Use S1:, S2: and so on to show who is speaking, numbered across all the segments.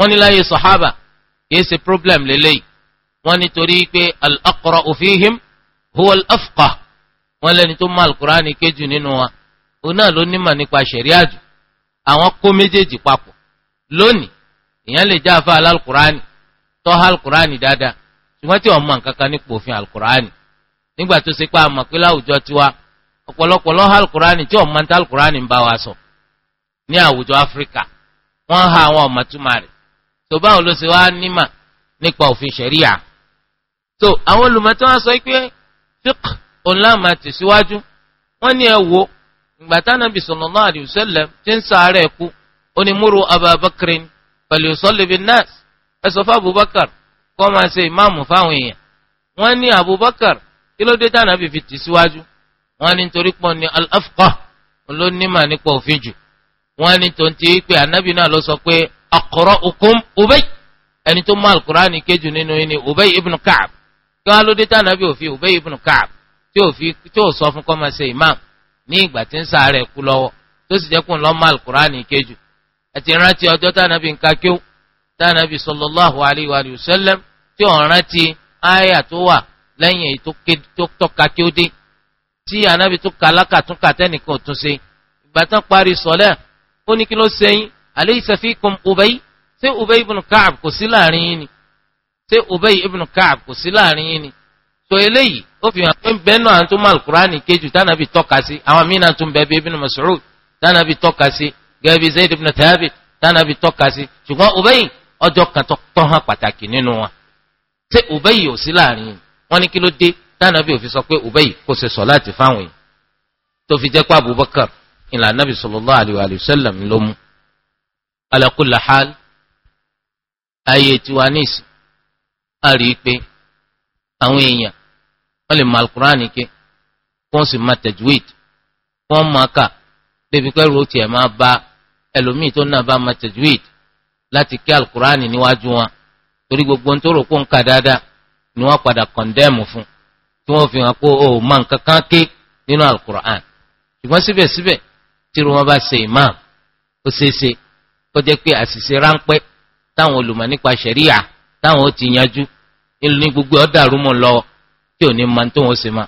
S1: wọ́n ní láyé sọ̀hábà kìí ṣe problem lélẹ́yìí wọ́n nítorí pé al-aqra'u fihim huwa al-afqah wọ́n lẹ́ni tó mọ̀ alukurani kéjù nínú wa òun náà ló nímọ̀ nípa ṣẹ̀ríà jù àwọn kó méjèèjì papọ̀ lónìí ìyẹn lè já afá alukurani tọ́ha alukurani dáadáa ṣùgbọ́n tí wọ́n mọ̀ nǹkan kan nípa òfin alukurani nígbà tó ṣe pé àmọ̀ pé láwùjọ tiwa ha àwọn ọ̀mọ̀túmọ̀ rẹ̀ tó báwo ló ṣe wá nímà nípa òfin ṣẹ̀ríà tó àwọn olùmọ̀tí wọn sọ pé fiqh ọ̀làmà tẹ̀síwájú wọ́n ní ẹ wo ìgbà tánàbì sallallahu alayhi wa sallam tí ń sàárẹ̀ kú ó ní múru ababakrin pẹ̀lú sọ́lẹ̀bì nas ẹ sọ fún abubakar kó máa ṣe ìmáàmù fáwọn èèyàn wọ́n ni abubakar kí ló dé tánàbì fi tẹ̀síwájú wọ́n ní torí pọ̀ ní al-afqah ló nímà nípa òfin jù wọ́n ní tòun ti pé ànábì náà ló sọ pé aqra'ukum Ubay ẹni tó mú alukurani kejì nínú yín ni Ubay ibn Ka'b kí wọ́n á ló dé tànà bí òfin Ubay ibn Ka'b tí òfin tí ò sọ fún kọ́ máa ṣe imam ní ìgbà tí ń sàárẹ̀ kú lọ́wọ́ tó sì jẹ́ kó ń lọ́ mú alukurani kejì àti rántí ọjọ́ tànà bí nǹka kíw tànà bí sallallahu alayhi wa sallam tí ò rántí àyà tó wà lẹ́yìn èyí tó tọ́ka kí ó dé tí anabi tó kalákà tẹ́nìkan ò tún ṣe ìgbà tán parí sọ́lẹ̀ ó ní kí ló ṣe yín alaysa fikum ubay ṣé ubay ibn ka'ab kò sí láàrin yín ni ṣé ubay ibn ka'ab kò sí láàrin yín ni tó eléyìí ó fi hàn pé bẹ́ẹ̀ náà tó máa alukur'ani kejì tánàbí tọ́ka sí àwọn míì náà tún bẹ́ẹ̀ bí ibn mas'ud tánàbí tọ́ka sí gẹ́gẹ́ bí zayd ibn thabit tánàbí tọ́ka sí ṣùgbọ́n ubay ọjọ́ kan tọ́ hàn pàtàkì nínú wọn ṣé ubay ò sí láàrin yín wọ́n ní kí ló dé tánàbí ò fi sọ pé ubay ala kulli hal ayé tiwa nísì a rí i pé àwọn èèyàn wọ́n lè mọ alukur'ani ké wọ́n sì máa tajwid wọ́n máa kà débi pé ro tiẹ̀ máa bá ẹlòmíì tó náà bá máa tajwid láti ké alukur'ani níwájú wọn torí gbogbo tó rò kó ń ka dáadáa ni wọ́n padà kọ̀ndẹ́ẹ̀mù fún tí wọ́n fi hàn pé ó mọ nǹkan kan ké nínú alukur'an ṣùgbọ́n síbẹ̀síbẹ̀ tí wọ́n bá ṣe imam ó ṣeé ó jẹ́ pé àṣìṣe ráńpẹ́ táwọn olùmọ̀ nípa ṣẹ̀ríà táwọn ó ti yanjú ní gbogbo ọ̀dàrú mọ̀ lọ tí ò ní ma tó wọn ṣe ma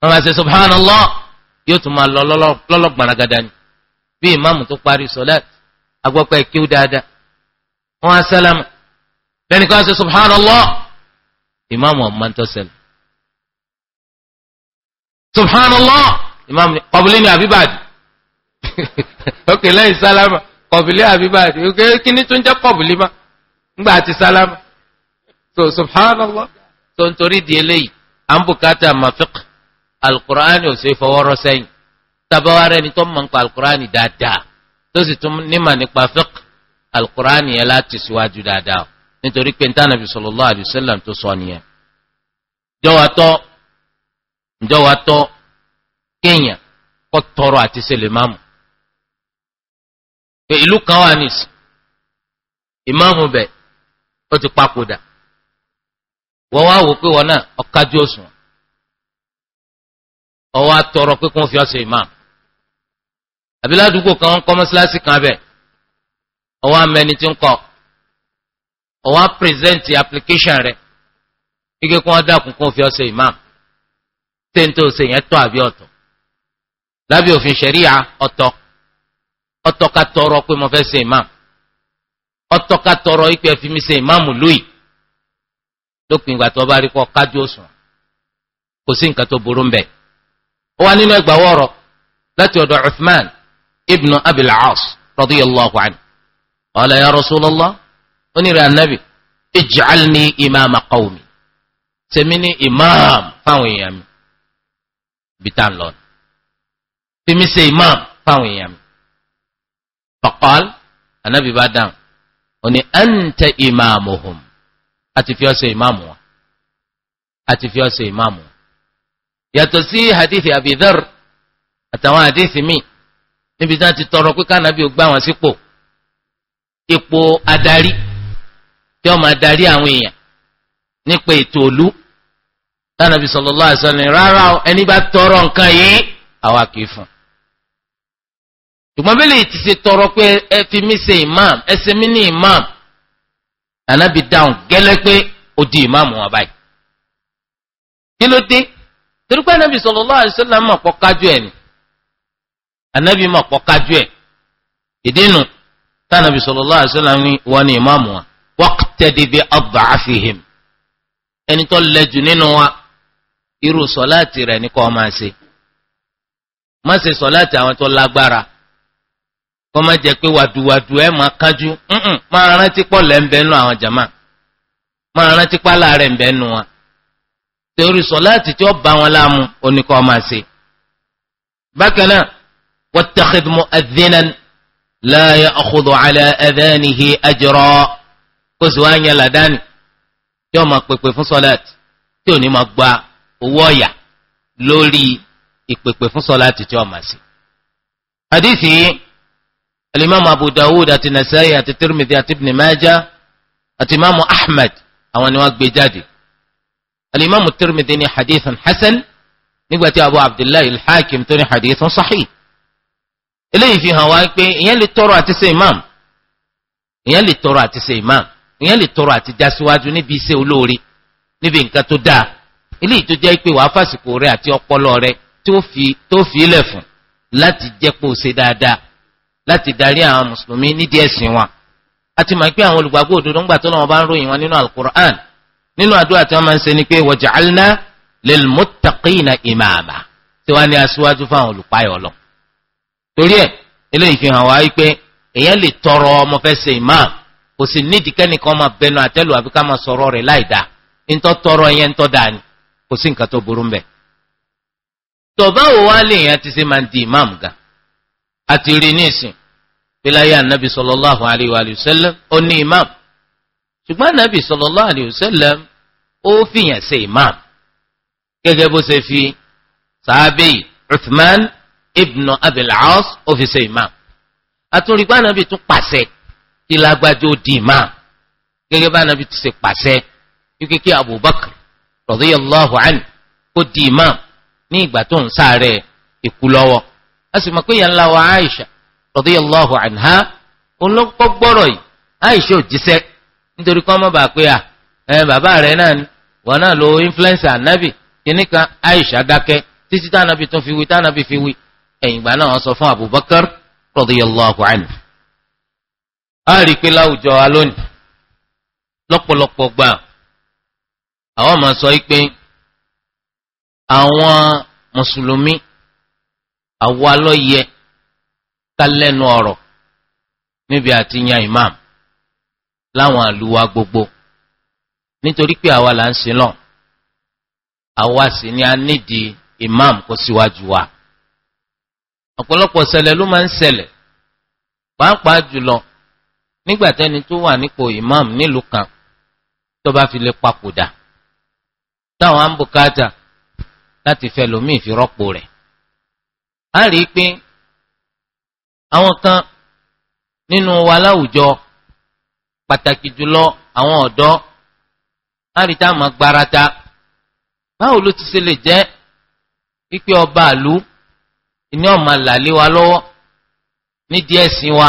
S1: wọn máa ṣe subhanallah yóò tún máa lọ lọ́lọ́gbọ̀nragada ni bí ìmáàmù tó parí sọlẹ́t agbọ́pẹ́ kí ó dáadáa wọn á sálámù lẹ́nu kan ṣe subhanallah ìmáàmù ọ̀ma tó ṣẹlẹ̀ subhanallah ìmáàmù ni kọ̀bùlẹ́ ni àbíbàdì ok lẹ́yìn sálámù kọ̀bìlì àbíbá àti oge kíní tó ń jẹ́ kọ̀bìlì má ńgbà àti sálámà so subhanallah tó ń torí di eléyìí à ń bùkátà mafiq alukur'an ò ṣe fọwọ́rọ́ sẹ́yìn tabawa rẹ ni tó mọ̀ nípa alukur'an dáadáa tó sì tún nímọ̀ nípa fiq alukur'an yẹn láti síwájú dáadáa nítorí pé ntànàbí sallallahu alayhi wa tó sọ nìyẹn jọwọ atọ kéèyàn kọ tọrọ àti sẹlẹ máàmù pé ìlú kan wà ní ìsìn ìmáàmù bẹ̀ ó ti papòdà wọ́n wá wò pé wọ́n náà ọ̀kájú òsùn ọwọ́ atọrọ pé kí wọ́n fi ọ̀sẹ̀ ìmáàmù àbí ládùúgbò kan ń kọ́ mọ́sálásí kan bẹ̀ ọwọ́ amẹni tí ń kọ́ ọwọ́ pírẹsẹ̀ntì application rẹ̀ kíkẹ́ kí wọ́n dákun kí fi ọ̀sẹ̀ ìmáàmù tẹ́ńtẹ́ ọ̀sẹ̀ yẹn tọ́ àbí ọ̀tọ̀ lábẹ́ òfin ṣẹ̀ríà ọ̀tọ̀ ọtọ́ka tọrọ pé mo fẹ́ ṣe imam ọtọ́ka tọrọ ipe ẹ̀fí mi ṣe imamu lóyìí lópin ìgbà tó bá rí kọ́ kájú òsùn kò sí nǹkan tó burú mbẹ́ ó wà nínú ẹgbà wọ́ọ̀rọ̀ láti ọ̀dọ̀ Uthman ibn Abil As radiyallahu anhu qala ya Rasulullah onírè anabi ij'alni imama qawmi sẹ́mi ní imam fáwọn èèyàn mi bìtá ńlọ fi mi ṣe imam fáwọn èèyàn mi faqal anabi bá dáhùn ó ní anta imamuhum àti fi ọ́sẹ̀ ìmáàmù wọn àti fi ọ́sẹ̀ ìmáàmù wọn yàtọ̀ sí hadithi abidhar àtàwọn hadithi míì níbi tí wọ́n ti tọrọ pé kánábì ó gbá wọn sípò ipò adarí tí wọ́n máa darí àwọn èèyàn nípa ètò òlú tánàbì sallallahu alaihi wasallam rárá ẹni bá tọrọ nǹkan yìí àwa kì í fún un ṣùgbọ́n bẹ́lẹ̀ ti ṣe tọrọ pé ẹ fi mí ṣe imam ẹ ṣe mí ní imam ànábì dáhùn gẹ́lẹ́ pé ó di imam wọn báyìí. kí ló dé torí pé ànábì sallallahu alaihi wasallam mọ̀ pọ́ kájú ẹ̀ ni ànábì mọ̀ pọ́ kájú ẹ̀ ìdínú tánàbì sallallahu alaihi wasallam ní wọn ní imam wọn waqtadi bi ad'afihim ẹni tó lẹ́jù nínú wa irú sọláàtì rẹ̀ ní kó máa ṣe má ṣe sọláàtì àwọn tó lágbára kọ́ má jẹ́ pé wàdùwàdù ẹ̀ máa kánjú máa rántí pọ̀ lẹ́ńbẹ́ nù àwọn jàmá máa rántí pálá rẹ̀ ńbẹ́ nù wọn. torí sọ̀láàtì tí ó bá wọn láàmú oníkọ́ máa ṣe. bákan náà wattakhidh mu'adhdhinan la ya'khudhu 'ala adhanihi ajra kó sì wáá yẹn làdáni tí ó pèpè fún sọ̀láàtì tí ò ní máa gba owó ọ̀yà lórí ìpèpè fún sọ̀láàtì tí ó máa ṣe. yìí alimami abu dawud àti nasaayi àti tirmidhi àti ibn maja àti imaamu ahmed àwọn ni wọ́n gbé jáde alimami tirmidhi ní hadithan hasan nígbàtí abu abdullahi alhakim tó ní hadithan sahih eléyìí fi hàn wá pé ìyẹn lè tọrọ àti ṣe imam ìyẹn lè tọrọ àti ṣe imam ìyẹn lè tọrọ àti já síwájú níbi iṣẹ́ olóore níbi nǹkan tó dáa eléyìí tó jẹ́ pé wàá fàsìkò rẹ àti ọpọlọ rẹ tó fi ilẹ̀ fún láti jẹ́ pé ó ṣe dáadáa láti darí àwọn mùsùlùmí nídìí ẹ̀sìn wọn àti mọ̀ pé àwọn olùgbàgbọ́ òdodo ńgbà tó lọ́wọ́ bá ń ròyìn wọn nínú alukur'an nínú àdúrà tí wọ́n máa ń ṣe ni pé waj'alna lilmuttaqina imama tí wọ́n ní aṣíwájú fáwọn olùpáyọ̀ lọ. torí ẹ̀ eléyìí fi hàn wá wípé èèyàn lè tọrọ ọmọ fẹ́ ṣe imam kò sì nídìí kẹ́nìkan máa bẹnu àtẹ́lù àbí ká máa sọ̀rọ̀ rẹ̀ láì ntọ́ tọrọ yẹn ntọ́ dáa ni kò sí nǹkan tó burú mbẹ̀. tọ̀báwò wá lè ti ṣe máa di imam gan-an àti rí ní ìsìn bíláyé ànábì sallallahu alayhi wa sallam ó ní imam ṣùgbọ́n ànábì sallallahu alayhi wa sallam ó fìyàn ṣe imam gẹ́gẹ́ bó ṣe fi sàábì Uthman ibn Abil As ó fi ṣe imam àtúndìgbà ànábì tún pàṣẹ kí lágbájá ó di imam gẹ́gẹ́ bá ànábì ti ṣe pàṣẹ kíkẹ́ kí Abubakar radiyallahu anhu kó di imam ní ìgbà tó ń sáré ikú lọ́wọ́ a sì mọ̀ pé ìyá ńlá wa Aisha radiyallahu anha olóńgbò gbọ́rọ̀ yìí Aisha ò jíṣẹ́ nítorí kí wọ́n mọ̀ bá pé à ẹ bàbá rẹ̀ náà ni wọ́n náà lo influencer anabi kìíní kan Aisha dákẹ́ títí tànàbí tún fi wí tànàbí fi wí ẹ̀yìn ìgbà náà sọ fún Abubakar radiyallahu anhu. a rí i pé láwùjọ wa lónìí lọ́pọ̀lọpọ̀ gbà àwọn máa sọ pé àwọn mùsùlùmí àwa ló yẹ ká lẹ́nu ọ̀rọ̀ níbi àti yan imam láwọn àlùwà gbogbo nítorí pé àwa là ń sin lọ àwa sì ni a nídìí imam kó síwájú wa ọ̀pọ̀lọpọ̀ ṣẹlẹ̀ ló máa ń ṣẹlẹ̀ pàápàá jùlọ nígbà tó wà nípò imam nílùú kan tó bá fi lè papòdà táwọn àǹbùkátà láti fẹ́ lòmíì fi rẹ̀ a rí i pé àwọn kan nínú wa láwùjọ pàtàkì jùlọ àwọn ọ̀dọ́ a rí tá a máa gbarata báwo ló ti ṣe lè jẹ́ pípé ọba àlú ni ó làlé wa lọ́wọ́ nídìí ẹ̀sìn wa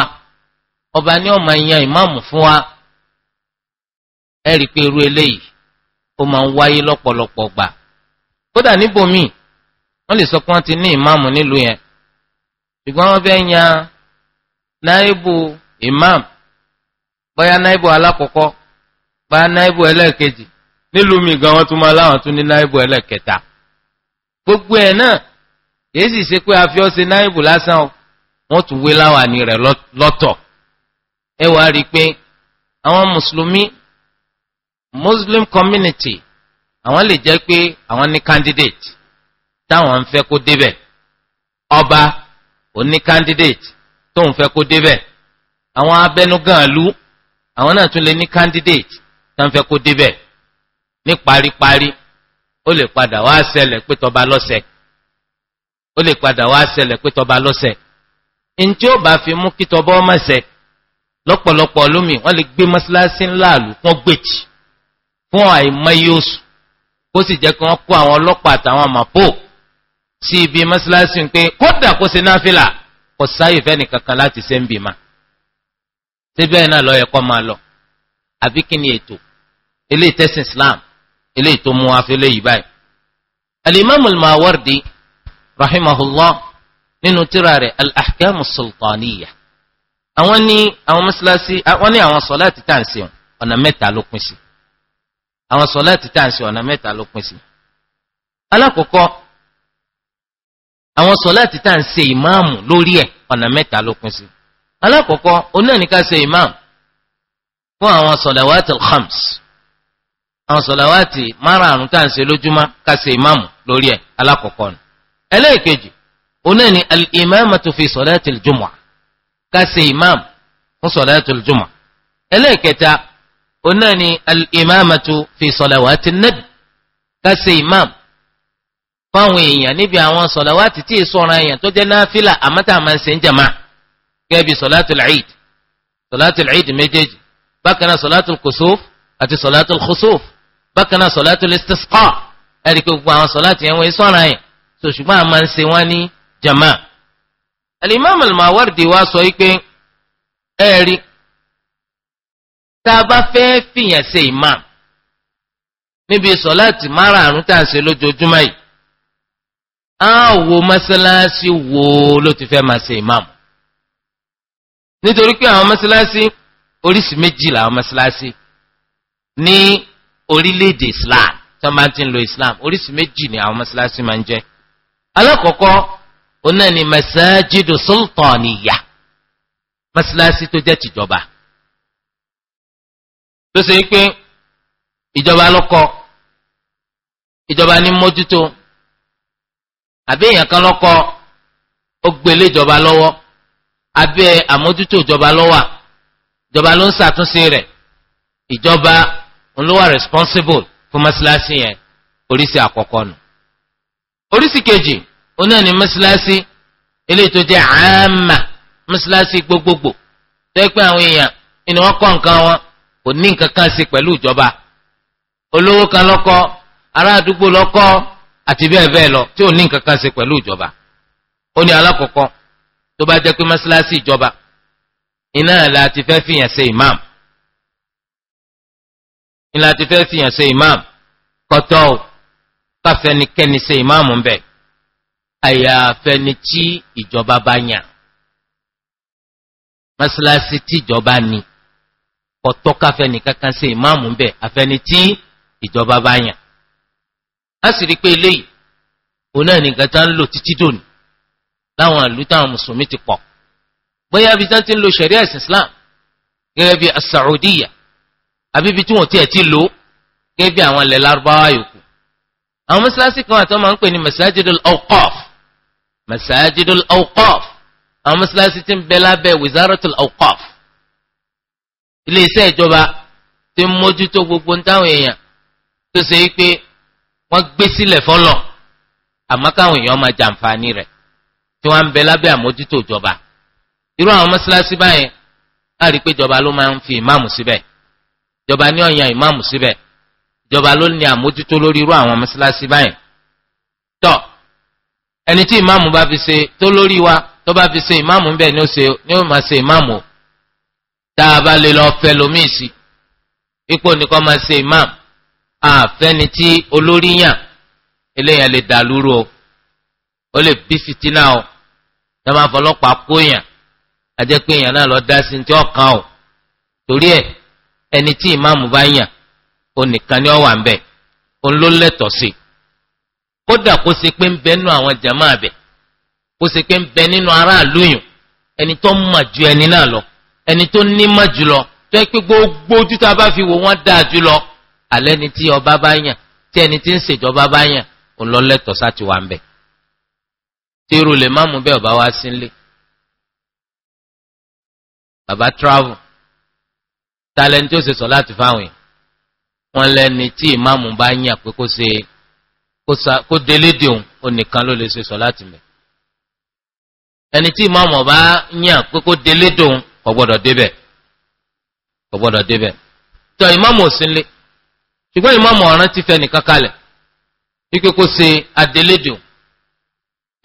S1: ọba ni ó máa ìmáàmù fún wa ẹ pé irú eléyìí ó máa ń wáyé lọ́pọ̀lọpọ̀ gbà kódà níbòmíì wọ́n lè sọ pé wọ́n ti ní ìmáàmù nílùú yẹn ṣùgbọ́n wọ́n fẹ́ yan náíbù ìmáàmù bóyá náíbù alákọ̀ọ́kọ́ bá náíbù ẹlẹ́ẹ̀kejì nílùú mi gan wọ́n tún máa láwọn tún ní náíbù ẹlẹ́ẹ̀kẹta gbogbo ẹ̀ náà èyí sì ṣe pé a fi ọ́ ṣe náíbù lásán wọ́n tún wé láwàní rẹ̀ lọ́tọ̀ ẹ wàá rí i pé àwọn mùsùlùmí muslim community àwọn lè jẹ́ pé àwọn ní candidate táwọn ń fẹ́ kó débẹ̀ ọba oní candidate tó ń fẹ́ kó débẹ̀ àwọn abẹnuganlú àwọn náà tún lè ní candidate tó ń fẹ́ kó débẹ̀ ní paríparí ó lè padà wá ṣẹlẹ̀ pé tọba lọ́sẹ̀ ó lè padà wá ṣẹlẹ̀ pé tọba lọ́sẹ̀ ntí ó bá fi mú kí tọba ọmọ ẹsẹ̀ lọ́pọ̀lọpọ̀ lómi wọ́n lè gbé mọ́ṣáláṣí ńlá àlù fún gbèjì fún àìmọye oṣù kó sì jẹ́ kí wọ́n kó àwọn ọlọ́pàá àtàwọn àmàpò sí ibi mọ́sálásí pé kódà kó ṣe náfìlà kò sáyè fẹ́ nìkankan láti ṣe ń bì má síbẹ̀ náà ló yẹ kó máa lọ àbí kí ni ètò eléyìí tẹ́sìn Islam eléyìí tó mú wa fi eléyìí báyìí. alimami Mawardi rahimahullah nínú tírà rẹ̀ al-ahkamu sultaniya àwọn ní àwọn mọ́sálásí àwọn ní àwọn sọláàtì tá à ń ọ̀nà mẹ́ta ló pín sí àwọn sọláàtì tá à ń ọ̀nà mẹ́ta ló pín sí. alákọ̀ọ́kọ́ àwọn sọláàtì tá à ń ṣe ìmáàmù lórí ẹ̀ ọ̀nà mẹ́ta ló pín sí alákọ̀ọ́kọ́ onáníká ṣe ìmáàmù fún àwọn sọláwàtì khams àwọn sọláwàtì márààrún tá à ń ṣe lójúmọ́ ká ṣe ìmáàmù lórí ẹ̀ alákọ̀ọ́kọ́ ni ẹlẹ́ẹ̀kejì onáni al-imamatu fi sọláàtì jùmọ̀ ká ṣe ìmáàmù fún sọláàtì jùmọ̀ ẹlẹ́ẹ̀kẹta onáni al-imamatu fi sọláwàtì nabi ká ṣe ìmáàmù fáwọn èèyàn níbi àwọn sọ̀làwátì tí èso ọ̀ràn èèyàn tó jẹ́ náfìlà àmọ́ tá a máa ń ṣe ń jàmá gẹ́gẹ́ bí sọ̀látùl Eid sọ̀látùl Eid méjèèjì bákan náà sọ̀látùl Kusuf àti sọ̀látùl Khusuf bákan náà sọ̀látùl Istisqa ẹ̀rí pé gbogbo àwọn sọ̀látì yẹn wọ́n èso ọ̀ràn èèyàn tó ṣùgbọ́n a máa ń ṣe wọ́n ní imam níbi sọ̀látì márààrún tá à ń lójoojúmọ́ yìí àwò mọ́sálásí wo ló ti fẹ́ máa ṣe imam nítorí pé àwọn mọ́sálásí oríṣi méjì làwọn mọ́sálásí ní orílẹ̀-èdè Islam tó máa ti ń lo Islam oríṣi méjì ni àwọn mọ́sálásí máa ń jẹ́ alákọ̀ọ́kọ́ oná ni masajidu sultaniya mọ́sálásí tó jẹ́ tìjọba tó ṣe pé ìjọba ló ìjọba ní mójútó àbí èèyàn kan lọ́kọ́ ó gbélé ìjọba lọ́wọ́ abẹ́ àmójútó ìjọba lọ́wà ìjọba ló ń ṣàtúnṣe rẹ̀ ìjọba ń lọ́wà responsible fún mọ́sálásí yẹn oríṣi àkọ́kọ́ nù. oríṣi kejì òun náà ni mọ́sálásí eléyìí tó jẹ́ àmà mọ́sálásí gbogbogbò tẹ́pẹ́ àwọn èèyàn inú wọn kọ́ nǹkan wọn kò ní nǹkan kan ṣe pẹ̀lú ìjọba olówó kan lọ́kọ́ ará àdúgbò lọ́kọ́ àti bẹ́ẹ̀ bẹ́ẹ̀ lọ tí ò ní nǹkan kan ṣe pẹ̀lú ìjọba ó ní alákọ̀ọ́kọ́ tó bá jẹ́ pé mọ́ṣáláṣí ìjọba iná la ti fẹ́ fìyàn ṣe imam iná la ti fẹ́ fìyàn ṣe imam kọ́tọ́ ò káfẹ́nikẹ́ni ṣe imam ń bẹ̀ àyàfẹ́ni tí ìjọba bá yàn mọ́ṣáláṣí tíjọba ni kọ́tọ́ káfẹ́nikẹ́ni ṣe imam ń bẹ̀ àfẹ́ni tí ìjọba bá yàn á sì rí i pé eléyìí òun náà nìkan tá ń lò títí dòní láwọn ìlú táwọn mùsùlùmí ti pọ̀ bóyá ibi tá ti ń lo sharia ẹ̀sìn islam gẹ́gẹ́ bí asaudiya àbí ibi tí wọ́n tiẹ̀ ti lò gẹ́gẹ́ bí àwọn ilẹ̀ lárúbáwá yòókù àwọn mọ́sálásí kan àti wọ́n máa ń pè ní masajidul awqaf masajidul awqaf àwọn mọ́sálásí ti ń bẹ lábẹ́ wizaratul awqaf ilé ìjọba ti ń mójútó gbogbo ń táwọn èèyàn tó ṣe é pé wọ́n gbé sílẹ̀ fọ́lọ̀ àmọ́ káwọn èèyàn máa jàǹfààní rẹ̀ tí wọ́n ń bẹ lábẹ́ àmójútó ìjọba irú àwọn mọ́sálásí báyẹn láàrí pé ìjọba ló máa ń fi ìmáàmù síbẹ̀ ìjọba ní ó yan ìmáàmù síbẹ̀ ìjọba ló ní àmójútó lórí irú àwọn mọ́sálásí báyẹn tọ́ ẹni tí ìmáàmù bá fi ṣe tó lórí wa tó bá fi ṣe ìmáàmù ńbẹ̀ ni ó ṣe ni ó máa ṣe ìmáàmù o tá a bá lè lọ fẹ́ lomi ìsì ipò nìkan máa ṣe ìmáàmù àfẹ́ni tí olórí yàn eléyàn lè dà lúrú o ó lè bí fìtínà o ẹ máa fọlọ́pàá kó yàn ajẹ́ pé èèyàn náà lọ dá sí ti ọ̀kan o torí ẹ ẹni tí ìmáàmù bá yàn onìkan ni ó wà ń bẹ òun ló lẹ́tọ̀ọ́ sí kódà kó ṣe pé ń bẹ nínú àwọn jàmáà bẹ̀ kó ṣe pé ń bẹ nínú aráàlú yùn ẹni tó mọ̀ ju ẹni náà lọ ẹni tó nímọ̀ jù lọ tó yẹ pé gbogbo ojú tá a bá fi wò wọ́n dáa jù lọ alẹ́ ni tí ọba bá yàn tí ẹni tí ń ṣèjọba bá yàn ọlọ́lẹ́tọ̀ sáti wà ń bẹ̀. tíru lè má mú bẹ́ẹ̀ ọba wá sílé. bàbá travel talẹ́ni tí ó ṣe sọ láti fáwọn yìí wọ́n lẹ́ni tí ìmáàmù bá yàn pé kó ṣe kó délé dèun onìkan ló lè ṣe sọ láti mẹ́. ẹni tí ìmáàmù ọba yàn pé kó délé dèun kò gbọ́dọ̀ débẹ̀ kò gbọ́dọ̀ débẹ̀ tọ́ ìmáàmù ò sílé ṣùgbọ́n ìmáàmù ọ̀ràn ti fẹ́ nìkan kalẹ̀ wípé kó ṣe adélédò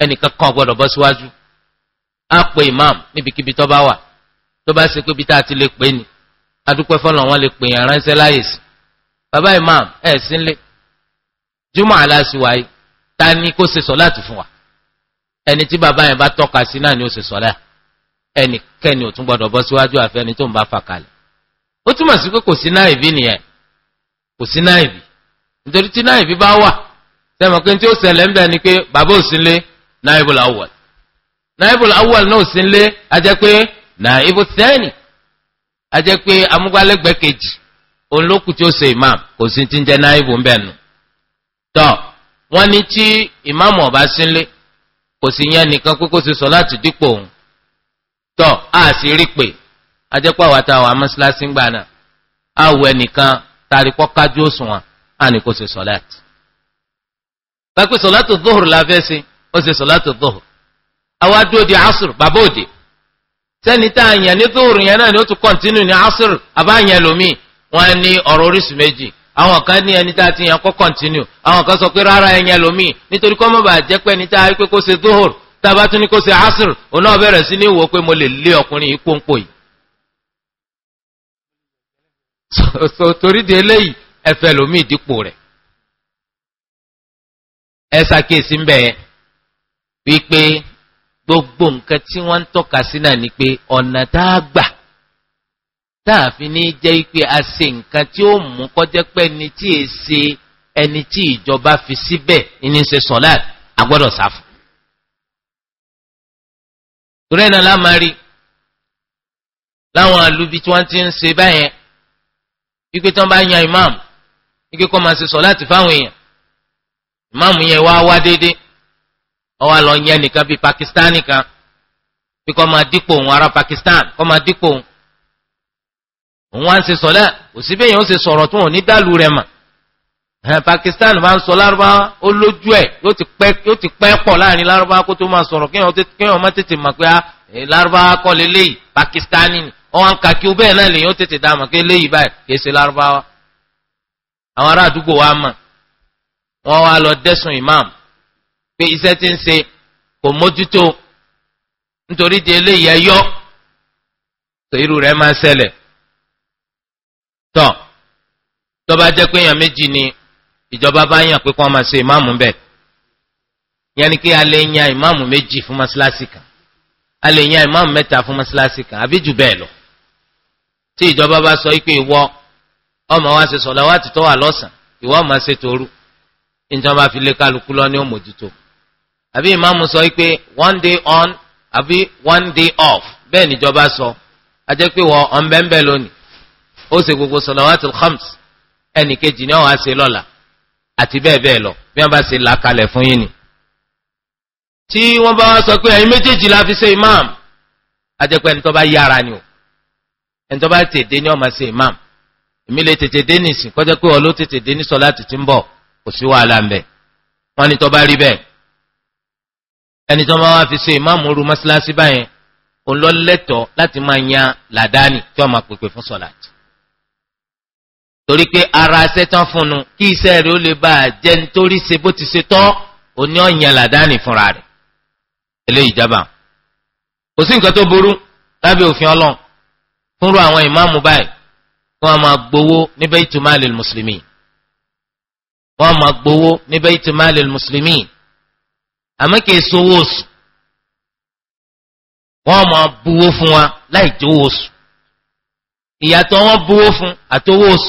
S1: ẹnìkan kan gbọ́dọ̀ bọ́ síwájú á pe ìmáàmù níbikíbi tó bá wà tó bá ṣe pé bí tá a ti lè pè é ni adúpẹ́ fọlọ́ wọn lè pè yàn ránṣẹ́ láyè sí bàbá ìmáàmù ẹ̀ sí ń lé jùmọ̀ ta ni kó ṣe sọ̀láàtì fún wa ẹni tí bàbá yẹn bá tọ́ka sí náà ni ó ṣe sọ̀láàtì ẹnikẹ́ni ò tún gbọ́dọ̀ bọ́ síwájú àfẹ́ni tó ń bá fà kalẹ̀ ó túmọ̀ sí pé kò sí náà ìbí nìyẹn kò sí náà ìbí nítorí tí náà ìbí bá wà sẹ́mi pé tí ó ṣẹlẹ̀ ń bẹ̀ ni pé bàbá òsínlé naibul awwal naibul awwal náà òsínlé ajẹ́ pé naibul thani ajẹ́ pé amúgbálẹ́gbẹ̀ẹ́ kejì imam kò sí ti ń jẹ́ naibu ń bẹ̀ nù tọ́ wọ́n ní tí imam ọba sínlé kò sí yẹn nìkan pé kó ṣe sọ láti dípò òun tọ́ a sì rí pé ajẹ́ pé ń gbà náà tari kọ́ kájú òṣùwọ̀n á ní kó ṣe sọ̀láàtì. pàpẹ́ sọ̀láàtì dóhùr la fẹ́ ṣe ó ṣe sọ̀láàtì dóhùr. àwa dúró di asùr bàbá òde sẹ́ni tá a yàn ní dóhùr yẹn náà ni ó tún kọ́ntínú ní asùr àbá yẹn lómi wọ́n ní ọ̀rọ̀ oríṣi méjì àwọn kan ní ẹni tá a ti yàn kọ́ kọ́ntínú àwọn kan sọ pé rárá ẹ̀yẹn lómi nítorí kọ́ mọ́ bàá so torí de eléyìí ẹfẹ lomi ìdípò rẹ̀ ẹ ṣàkíyèsí ń bẹ wípé gbogbo nǹkan tí wọ́n ń tọ́ka sí náà ni pé ọ̀nà tá a gbà tá a fi ní jẹ́ pé a ṣe nǹkan tí ó mú kọjá pé ẹni tí è ṣe ẹni tí ìjọba fi síbẹ̀ ẹni ṣe sọ̀lá àgbọ́dọ̀ sáfù. torí ẹ̀ náà láwọn àlùbí tí wọ́n ti ń ṣe báyẹn ike tí wọn bá yan imam ike kọ́ máa ṣe sọ láti fáwọn èèyàn imam yẹn wá wá déédéé ọwọ́ àlọ́ yẹn nìkan bíi pakistani kan bí kọ́ máa dípò òun ará pakistan kọ́ máa dípò òun òun wá ń ṣe sọlẹ òsínbẹ yẹn ó ṣe sọ̀rọ̀ tó wọn ní dàlú rẹ mà pakistan máa ń sọ lárúbáwá ó lójú ẹ yóò ti pẹ́ pọ̀ láàrin lárúbáwá kó tó máa sọ̀rọ̀ kéèyàn má tètè mọ̀ pé ah, lárúbáwá kọ́ lélẹ́yìí pakistani ni ọ̀hún kàkí o bẹ́ẹ̀ náà lèyìn ó tètè dáàmà pé léyìí báyìí kìí ṣe lárúbáwá àwọn ará àdúgbò wa mọ̀ wọ́n wá lọ dẹ́sùn imam pé iṣẹ́ ti ń ṣe kò mójútó nítorí di eléyìí ẹ yọ tó irú rẹ̀ máa ń ṣẹlẹ̀ tọ́ tó bá jẹ́ pé èèyàn méjì ni ìjọba bá yàn pé kí wọ́n máa ni kí a lè yan imam méjì fún mọ́ṣáláṣí kan a lè yan imam mẹ́ta fún kan tí ìjọba bá sọ pé ìwọ ọmọ wa ṣe sọ̀lá wa ti tọ́ wà lọ́sàn ìwọ ọmọ ṣe torú ìjọba fi lé kálukú lọ ní òmòjútó àbí ìmáàmù sọ pé one day on àbí one day off bẹ́ẹ̀ níjọba sọ a jẹ́ pé wọ́n ọ̀n bẹ́ẹ̀ bẹ́ẹ̀ lónìí ó ṣe gbogbo salawatul khams ẹnì kejì ni wọ́n ṣe lọ́la àti bẹ́ẹ̀ bẹ́ẹ̀ lọ bí wọ́n bá ṣe là kalẹ̀ fún yín ni. tí wọ́n bá wá sọ pé ẹ̀yin méjèèjì la fi ṣe imam a jẹ́ pé ẹni ẹnitọ́ bá tètè dé ní ọmọ sí imam èmi lè tètè dé nìsín kọjá pé wọn ló tètè dé ní sọlá tètè ń bọ̀ kò sí wàhálà ń bẹ wọn ni tọ́ bá rí bẹ́ẹ̀ ẹni tó máa wá fi ṣe imam ru mọ́sálásí báyẹn òun lọ lẹ́tọ̀ọ́ láti máa yan làdáni tí wọ́n pèpè fún sọlá tì torí pé ara ṣe tán fún un kí iṣẹ́ rẹ̀ ó lè bá a jẹ́ nítorí ṣe bó ti ṣe tọ́ òní ọ̀yàn làdáni fúnra rẹ̀ eléyìí jábà kò sí nǹkan tó burú lábẹ́ òfin ọlọ́run fúnru àwọn ìmáàmù báyìí wọ́n máa gbowó ní baytu malil mùsùlùmí wọ́n máa gbowó ní baytu malil mùsùlùmí àmọ́ kìí sowó oṣù wọ́n máa buwó fún wa láì jówó oṣù ìyàtọ̀ wọn buwó fún àtowó oṣù